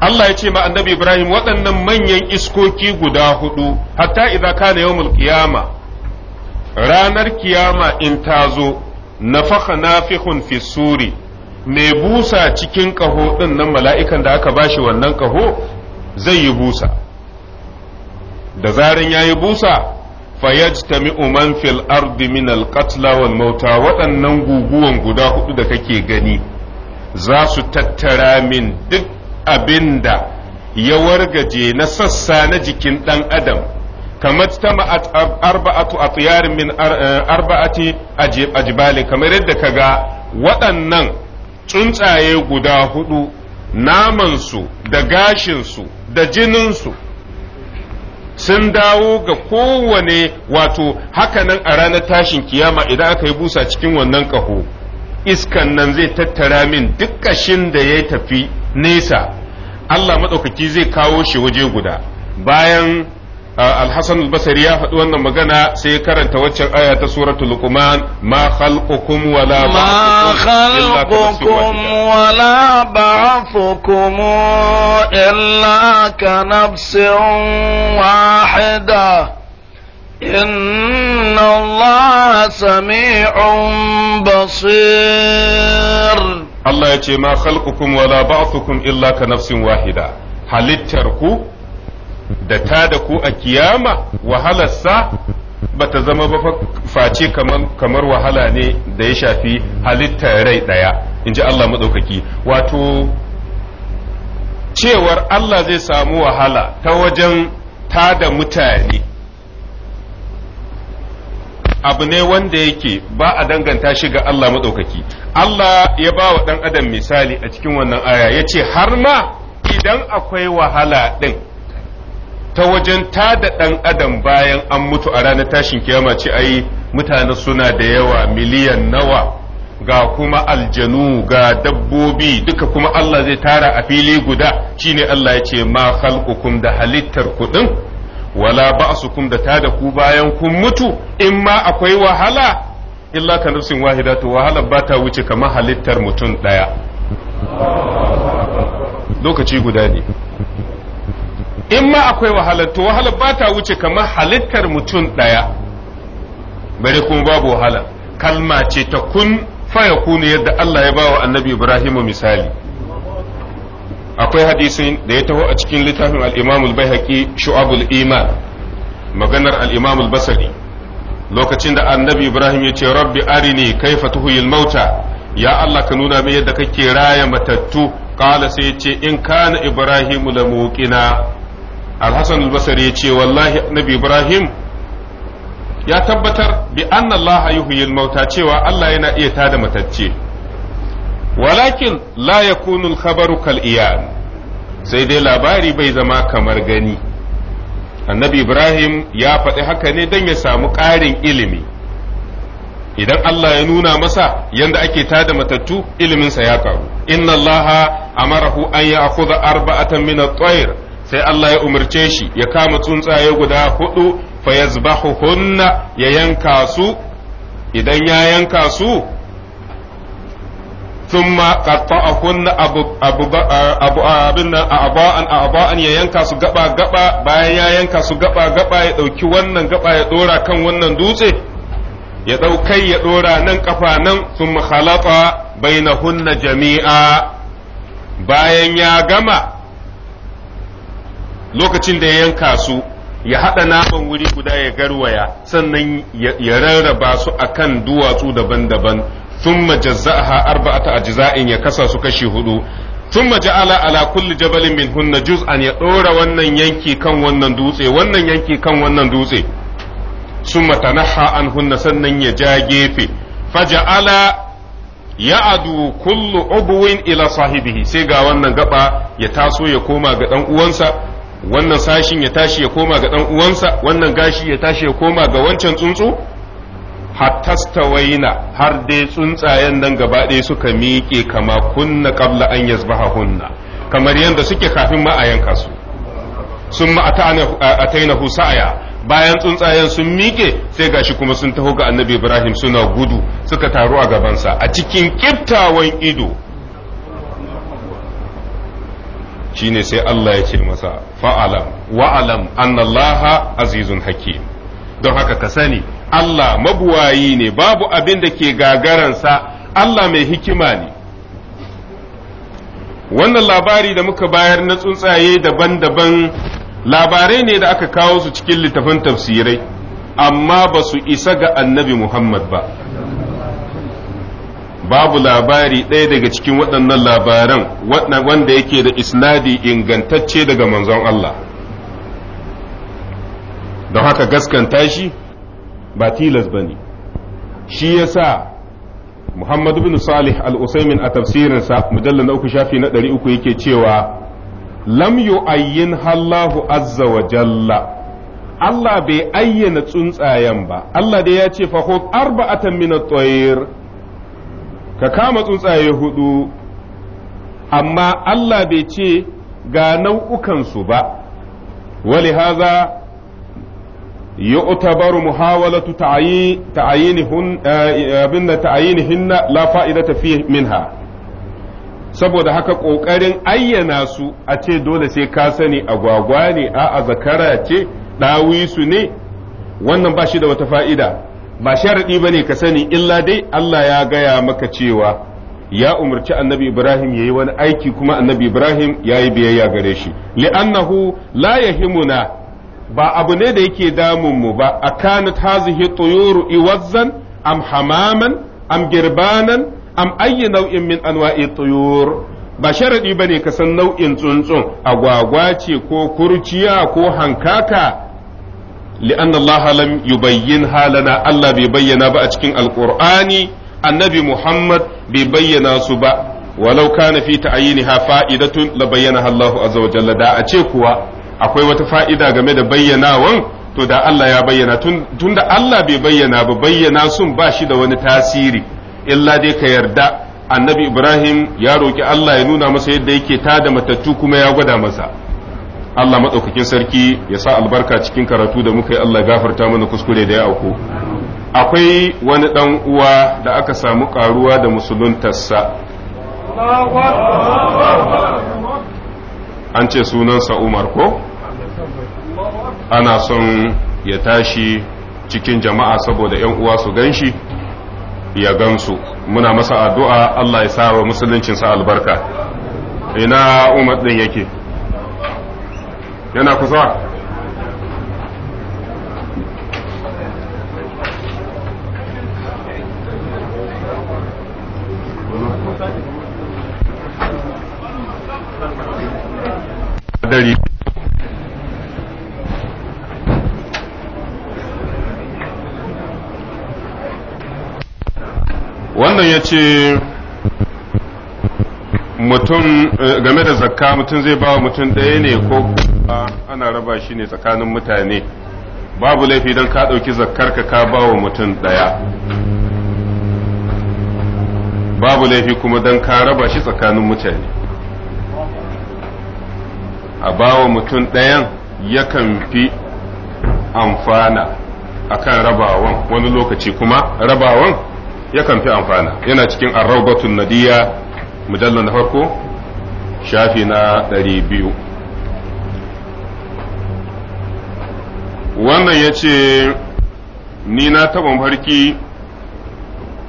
Allah ya ce ma annabi Ibrahim waɗannan manyan iskoki guda hudu hatta idza kana yawmul qiyama ranar kiyama in tazo nafakha nafikhun fi suri Me busa cikin ƙaho din nan mala'ikan da aka bashi wannan kaho? zai yi busa da zaran yayi busa fayajtami'u man fil ardi min al wal mauta waɗannan guguwan guda hudu da kake gani za su tattara min duk abinda ya wargaje na sassa na jikin ɗan adam kamar tama'at arba'atu atiyar min eh, arba'ati ajibali kamar yadda kaga waɗannan tsuntsaye guda hudu namansu da gashinsu da jininsu sun dawo ga kowane wato hakanan a ranar tashin kiyama idan aka yi busa cikin wannan ƙaho iskan nan zai tattara min duk ƙashin da ya tafi nesa Allah maɗaukaki zai kawo shi waje guda bayan al-hasan al ya faɗi wannan magana sai ya karanta waccan aya ta suratul luqman ma khalqukum wala ma khalqukum wala ba'athukum illa ka nafsin wahida إن الله سميع بصير الله يتي ما خلقكم ولا بعثكم إلا كنفس واحدة halittar ku da ta da ku a kiyama wahalarsa ba ta zama ba face kamar wahala ne da ya shafi halittar rai ɗaya in ji Allah maɗaukaki wato cewar Allah zai samu wahala ta wajen ta da mutane abu ne wanda yake ba a danganta shi ga Allah maɗaukaki Allah ya ba wa ɗan adam misali a cikin wannan aya ya ce har ma idan akwai wahala ɗin ta wajen tada ɗan adam bayan an mutu a ranar tashin kiyama ce ai mutane suna da yawa miliyan nawa ga kuma aljanu ga dabbobi duka kuma Allah zai tara a fili guda shine Allah ya ce ma khalqukum da halittar kuɗin wala ba'sukum da ta da ku bayan kun mutu in ma akwai wahala illa ka nufsin wahida to wahala ba ta wuce kamar halittar mutum ɗaya lokaci guda ne in ma akwai wahalar to wahalar ba ta wuce kamar halittar mutum ɗaya Bari kuma babu wahala kalma ce ta kun faya kunu yadda Allah ya bawa annabi ibrahim misali akwai hadisin da ya taho a cikin littafin al bai Shu'abul Iman maganar alimamul basari basri lokacin da annabi Ibrahim ya ce rabbi arini kai fatuhuyil mauta ya Allah ka nuna min yadda kake raya matattu kala sai ya ce in kana Ibrahim la muqina al-hasan ya ce wallahi annabi ibrahim ya tabbatar bi annallaha Allah yuhyil mauta cewa Allah yana iya tada matacce walakin la yakunu al-khabaru kal sai dai labari bai zama kamar gani annabi ibrahim ya faɗi haka ne don ya samu ƙarin ilimi idan Allah ya nuna masa yadda ake tada matattu iliminsa ya karu inna Allah amarahu an ya akhudha arba'atan min at sai Allah ya umarce shi ya kama tsuntsaye guda hudu fa hunna ya yanka su idan ya yanka su thumma qatta'ahunna abu abu abu abu an ya yanka su gaba gaba bayan ya yanka su gaba gaba ya dauki wannan gaba ya dora kan wannan dutse ya daukai ya dora nan kafa nan thumma khalaqa bainahunna jami'a bayan ya gama lokacin da ya yanka su ya haɗa naman wuri guda ya garwaya sannan ya rarraba su akan duwatsu daban-daban thumma jazza'aha arba'ata jiza'in ya kasa su kashi hudu sun ja'ala ala kulli jabalin juz an ya ɗora wannan yanki kan wannan dutse wannan yanki kan wannan dutse summa an hunna sannan ya ja gefe faja'ala adu kullu ubuwin ila sahibihi sai ga wannan gaba ya taso ya koma ga dan uwansa wannan sashin ya tashi ya koma ga dan uwansa wannan gashi ya tashi ya koma ga wancan tsuntsu hattastawaina har dai tsuntsayen nan gaba ɗaya suka miƙe kama kunna qabla an hunna kamar yadda suke kafin ma a yanka su sun ma sa'aya bayan tsuntsayen sun miƙe sai gashi kuma sun taho ga annabi ibrahim suna gudu suka taru a gabansa a cikin kiftawan ido shine sai Allah ya ce masa fa'alam wa'alam annallaha azizun hakim don haka ka sani Allah mabuwayi ne babu abin da ke gagaransa Allah mai hikima ne wannan labari da muka bayar na tsuntsaye daban-daban labarai ne da aka kawo su cikin littafin tafsirai amma ba su isa ga annabi Muhammad ba babu labari ɗaya daga cikin waɗannan labaran wanda yake da isnadi ingantacce daga manzon Allah don haka gaskanta shi ba tilas ba ne shi ya sa Muhammad bin Salih al-Usaimin a tafsirinsa mujallar na uku shafi na ɗari uku yake cewa lam ayyin hallahu azza wa jalla Allah bai ayyana tsuntsayen ba Allah dai ya ce fa arba'atan min at-tayr ka kama tsuntsaye hudu amma Allah bai ce ga nau'ukansu ba wali haza يعتبر محاولة تعيين تعيينهن ابن تعيينهن لا فائدة فيه minha saboda haka ƙoƙarin ayyana su a ce dole sai ka sani agwagwa ne a zakara ce ɗawisu ne wannan ba shi da wata fa'ida ba sharaɗi ba ne ka sani illa dai Allah ya gaya maka cewa ya umarci annabi Ibrahim ya yi wani aiki kuma annabi Ibrahim ya yi biyayya gare shi li'annahu la yahimuna ba abu ne da yake mu ba a kanat hazihi tuyuru iwazzan am hamaman am girbanan am ayi nau'in min anwa'i tuyur ba sharaɗi ba ne ka san nau'in tsuntsun agwagwa ce ko kurciya ko hankaka li'anna Allah lam yubayyin halana Allah bai bayyana ba a cikin alqur'ani annabi Muhammad bai bayyana su ba walau kana fi ta'yiniha fa'idatun la bayyana Allah azza wa jalla da a kuwa akwai wata fa'ida game da bayyanawan to da Allah ya bayyana tunda Allah bai bayyana ba bayyana sun ba shi da wani tasiri illa dai ka yarda annabi Ibrahim ya roki Allah ya nuna masa yadda yake tada matattu kuma ya gwada masa Allah maɗaukakin sarki ya sa albarka cikin karatu da muka yi Allah gafarta mana kuskure da ya auku akwai wani ɗan uwa da aka samu ƙaruwa da musuluntarsa an ce sunansa umar ko ana son ya tashi cikin jama'a saboda 'yan uwa su gan shi ya gansu muna masa addu'a Allah ya sa wa musuluncinsa albarka ina umar ɗin yake yana kusa wannan ya ce mutum eh, game da zakka mutum zai ba mutum ɗaya ne ko ana raba shi ne tsakanin mutane babu laifi don ka ɗauki zakkarka ka ba wa mutum ɗaya babu laifi kuma don ka raba shi tsakanin mutane a ba wa mutum ɗayan yakan fi amfana a kan rabawan wani lokaci kuma rabawan yakan fi amfana yana cikin arraubatun nadiya mujallar na farko shafi na ɗari biyu wannan ya ce ni na taɓa mafarki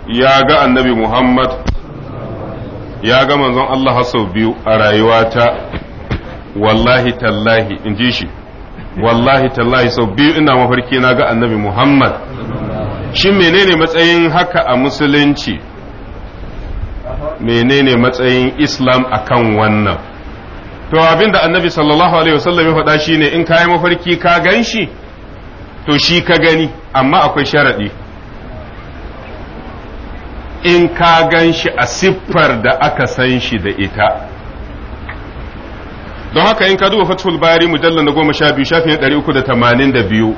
ya ga annabi muhammad ya ga manzon Allah sau biyu a rayuwata wallahi tallahi in ji shi wallahi tallahi sau biyu ina mafarki na ga annabi muhammad shi menene matsayin haka a musulunci menene matsayin islam akan wannan to abinda annabi sallallahu alaihi wasallam ya faɗa shine in kayi mafarki ka gan shi to shi ka gani amma akwai sharaɗi in ka gan shi a siffar da aka san shi da ita don haka in ka duba fathul bari mujallar na goma sha biyu shafin ɗari uku da tamanin da biyu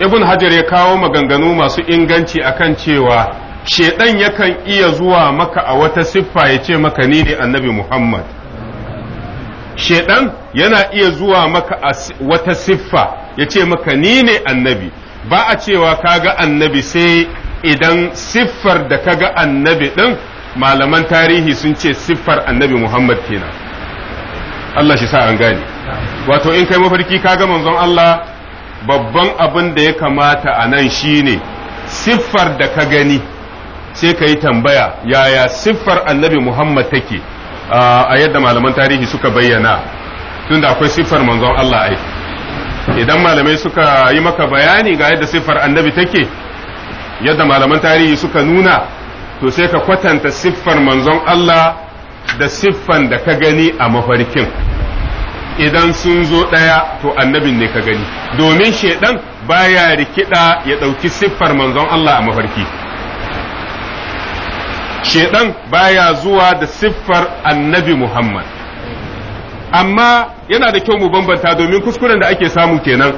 ibn hajar ya kawo maganganu masu inganci akan cewa shedan yakan iya zuwa maka a wata siffa ya ce maka ni ne annabi muhammad shedan yana iya zuwa maka wata siffa ya ce maka ni ne annabi ba a cewa ka ga annabi sai idan siffar da ka ga annabi ɗin malaman tarihi sun ce siffar annabi Muhammad kenan Allah shi sa an gane wato in kai mafarki ka ga manzon Allah babban abin da ya kamata a nan shine siffar da ka gani sai ka yi tambaya yaya siffar annabi Muhammad take ah, a yadda malaman tarihi suka bayyana Tun da akwai siffar manzon Allah ai idan malamai suka yi maka bayani ga yadda siffar annabi take yadda malaman tarihi suka nuna to sai ka kwatanta siffar manzon Allah da siffan da ka gani a mafarkin idan sun zo ɗaya to annabin ne ka gani domin shaidan baya rikida ya ɗauki siffar manzon Allah a mafarki shaidan baya zuwa da siffar annabi Muhammad amma yana da kyau mu bambanta domin kuskuren da ake samu kenan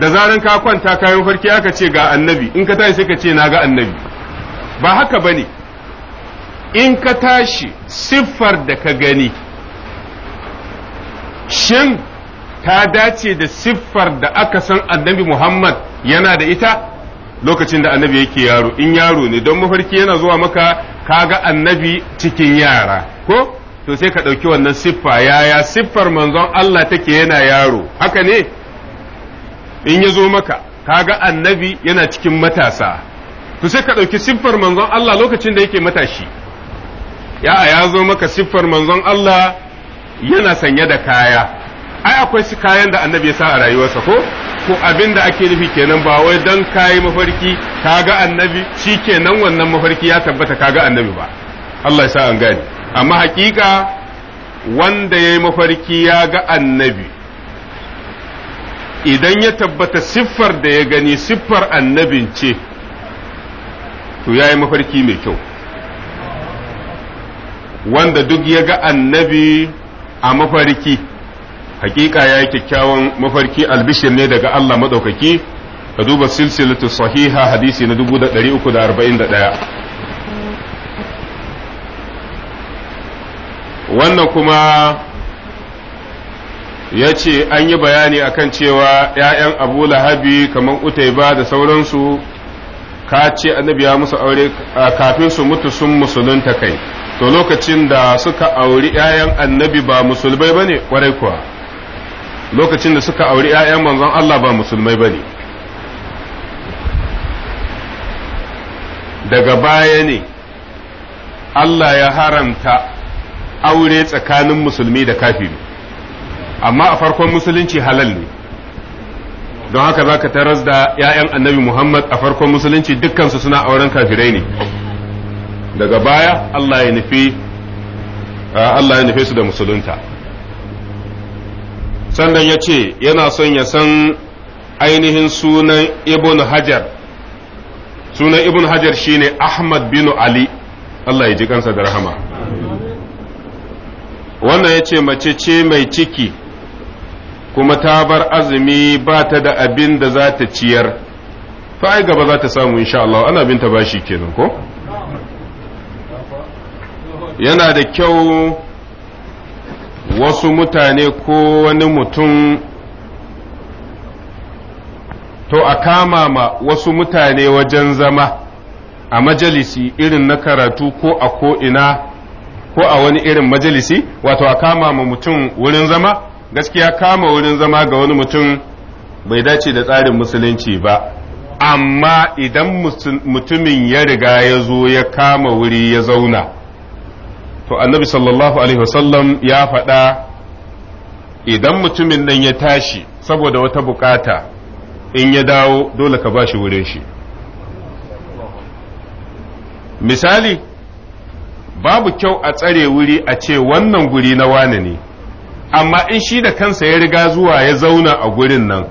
da zaran ka kwanta kayan farki aka ce ga annabi in ka tashi sai ka ce na ga annabi ba haka bane in ka tashi siffar da ka gani shin ta dace da siffar da aka san annabi Muhammad yana da ita lokacin da annabi yake yaro in yaro ne don mafarki yana zuwa maka ka ga annabi cikin yara ko to sai ka ɗauki wannan siffa yaya siffar manzon Allah take yana yaro haka ne in ya zo maka ka ga annabi yana cikin matasa to sai ka ɗauki siffar manzon Allah lokacin da yake matashi ya ya zo maka siffar manzon Allah yana sanye da kaya ai akwai su kayan da annabi ya sa a rayuwarsa ko ko abin da ake nufi kenan ba wai dan kayi mafarki kaga annabi shi kenan wannan mafarki ya tabbata kaga annabi ba Allah ya sa an gani amma hakika wanda ya yi mafarki ya ga annabi idan ya tabbata siffar da ya gani siffar annabin ce to ya yi mafarki mai kyau wanda duk ya ga annabi a mafarki hakika ya yi kyakkyawan mafarki albishir ne daga Allah maɗaukaki ka duba silsilatu sahiha hadisi na 341 wannan kuma ya ce an yi bayani akan cewa ‘ya'yan abu lahabi kamar utaiba da sauransu ka ce annabi ya musu aure kafin su mutu sun musulunta kai to lokacin da suka auri ‘ya'yan annabi ba musulmai ba ne kwarai kuwa lokacin da suka auri ‘ya'yan manzon Allah ba musulmai ba ne daga baya ne Allah ya haramta aure tsakanin musulmi da kafiri amma a farkon musulunci halal ne don haka za ka taras da 'ya'yan annabi muhammad a farkon musulunci dukkansu suna auren kafirai ne daga baya allah ya nufi allah ya nufi su da musulunta sannan ya ce yana son ya san ainihin sunan ibn hajar sunan ibn hajar shine ahmad bin ali allah ya ji kansa da rahama wannan ya ce mace ce mai ciki kuma ta bar azumi ba ta da abin da za ta ciyar fa gaba za ta samu insha Allah ana ta bashi kenan ko yana da kyau wasu mutane ko wani mutum to a kama ma wasu mutane wajen zama a majalisi irin na karatu ko a ko'ina ko a wani irin majalisi wato a kama ma mutum wurin zama gaskiya kama wurin zama ga wani mutum bai dace da tsarin musulunci ba amma idan mutumin ya riga ya zo ya kama wuri ya zauna to annabi sallallahu alaihi wasallam ya faɗa idan mutumin nan ya tashi saboda wata bukata in ya dawo dole ka bashi wurin shi misali babu kyau a tsare wuri a ce wannan guri na wane ne amma in shi da kansa ya riga zuwa ya zauna a gurin nan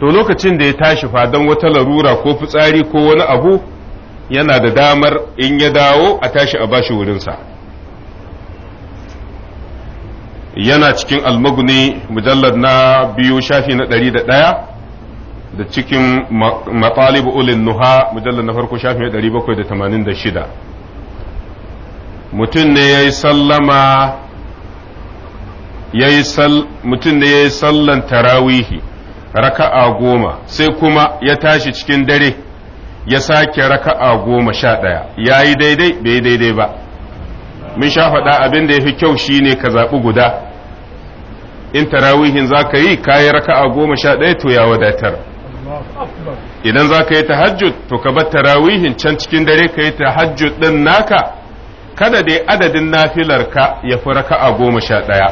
to lokacin da ya tashi fa wata larura ko fitsari ko wani abu yana da damar in ya dawo a tashi a bashi wurinsa yana cikin almaguni mujallar na biyu shafi na ɗari da ɗaya da cikin matsalibu ulin nuha mujallar na farko shafi na ɗari bakwai da tamanin da shida mutum ne ya yi sallan tarawihi raka'a goma sai kuma ya tashi cikin dare ya sake raka'a goma sha ɗaya ya yi daidai bai daidai ba mun sha faɗa abin da ya fi kyau shine ka zaɓi guda in tarawihin za ka yi ka yi raka'a goma sha ɗaya to ya wadatar idan za ka yi tahajjud to ka bar tarawihin can cikin dare ka yi tahajjud ɗin naka kada dai adadin nafilarka ya fi raka'a goma sha ɗaya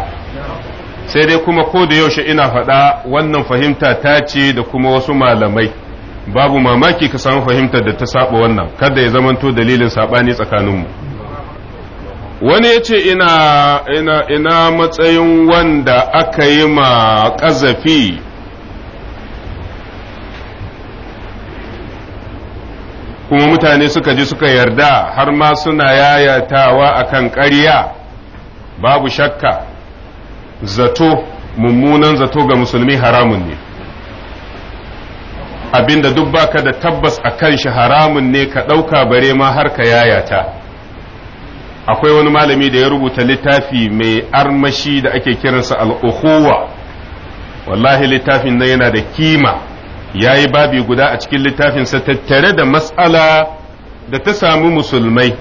sai dai kuma ko da yaushe ina faɗa wannan fahimta ta ce da kuma wasu malamai babu mamaki ka samu fahimtar da ta saɓa wannan kada ya zamanto dalilin saɓani tsakaninmu wani ya ce ina, ina matsayin wanda aka yi ma ƙazafi kuma mutane suka ji suka yarda har ma suna yayatawa akan ƙarya babu shakka zato mummunan zato ga musulmi haramun ne abinda duk baka da tabbas a kan shi haramun ne ka ɗauka bare ma har ka yayata akwai wani malami da ya rubuta littafi mai armashi da ake kiransa al'uhuwa wallahi littafin nan yana da kima ya yi babi guda a cikin littafinsa tattare da matsala da ta samu musulmai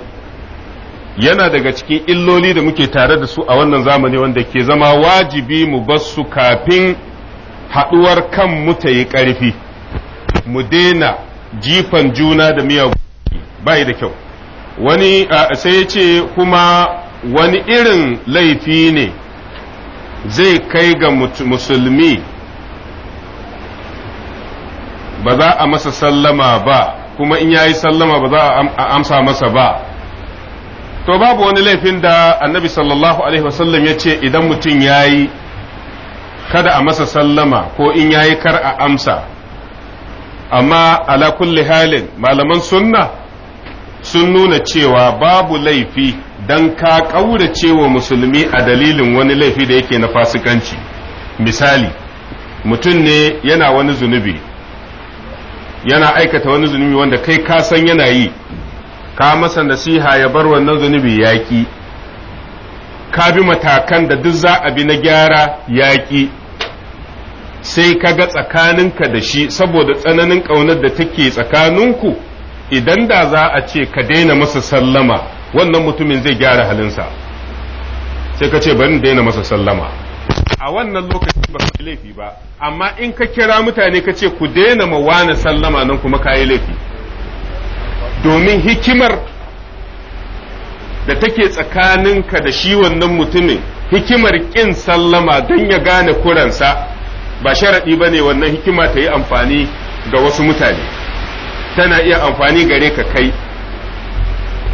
yana daga cikin illoli da muke tare da su a wannan zamani wanda ke zama wajibi mu basu kafin haɗuwar kan muta ta yi ƙarfi mu daina jifan juna da miyagun bai da kyau wani sai ya ce kuma wani irin laifi ne zai kai ga musulmi ba za a masa sallama ba kuma in yayi sallama ba za a amsa masa ba to babu wani laifin da annabi sallallahu alaihi wasallam ya ce idan mutum yayi kada a masa sallama ko in yayi kar a amsa amma ala kulli halin malaman sunna sun nuna cewa babu laifi don ka ƙaurace wa musulmi a dalilin wani laifi da yake na fasikanci misali mutum ne yana wani zunubi yana aikata wani zunubi wanda kai ka san yana yi ka masa nasiha ya bar wannan zunubi yaƙi ka bi matakan da duk za a bi na gyara yaƙi sai ka ga tsakaninka da shi saboda tsananin ƙaunar da take tsakaninku idan da za a ce ka daina masa sallama wannan mutumin zai gyara halinsa sai ka ce bari daina masa sallama a wannan lokaci ba ka laifi ba amma in ka kira mutane ka ce ku daina ma wani sallama nan kuma ka yi laifi domin hikimar da take ka da shi wannan mutumin hikimar ƙin sallama don ya gane kuransa ba sharaɗi ba ne wannan hikima ta yi amfani ga wasu mutane tana iya amfani gare ka kai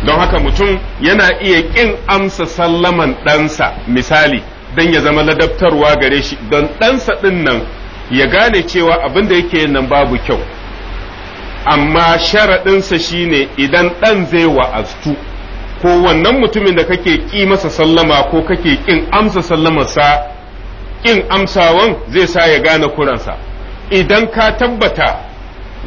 don haka mutum yana iya ƙin amsa sallaman ɗansa misali don ya zama ladabtarwa gare shi don ɗansa ɗin nan ya gane cewa abin da yake nan babu kyau amma sharaɗinsa shine idan ɗan zai wa'aztu ko wannan mutumin da kake ƙi masa sallama ko kake ƙin amsa sallamarsa ƙin amsawan zai sa ya gane kuransa idan ka tabbata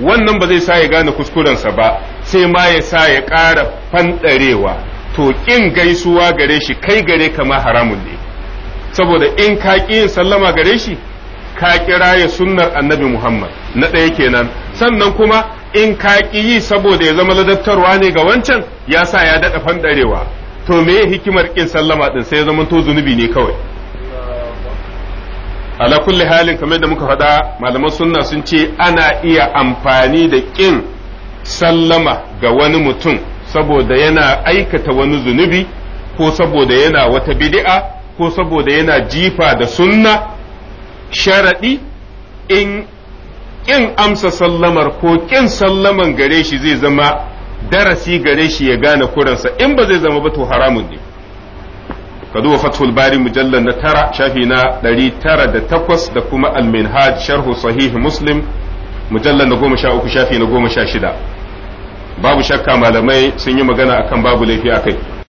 wannan ba zai sa ya gane kuskurensa ba sai ma ya sa ya ƙara fanɗarewa to ƙin gaisuwa gare shi kai gare kama haramun ne saboda in ka ƙi yin sallama gare shi ka kira ya sunnar annabi Muhammad na ɗaya kenan sannan kuma in ka ƙi yi saboda ya zama ladabtarwa ne ga wancan ya sa ya daɗa fanɗarewa to me ya hikimar ƙin sallama ɗin sai ya zama to zunubi ne kawai ala kulli halin kamar da muka faɗa malaman sunna sun ce ana iya amfani da ƙin sallama ga wani mutum saboda yana aikata wani zunubi ko saboda yana wata bidi'a. ko saboda yana jifa da sunna sharaɗi in ƙin amsa sallamar ko ƙin sallaman gare shi zai zama darasi gare shi ya gane kuransa in ba zai zama ba to haramun ne ka duba fathul bari mujallar na tara shafi na ɗari tara da takwas da kuma alminhaj sharhu sahih muslim mujallar na goma sha uku shafi na goma sha shida babu shakka malamai sun yi magana akan babu laifi a kai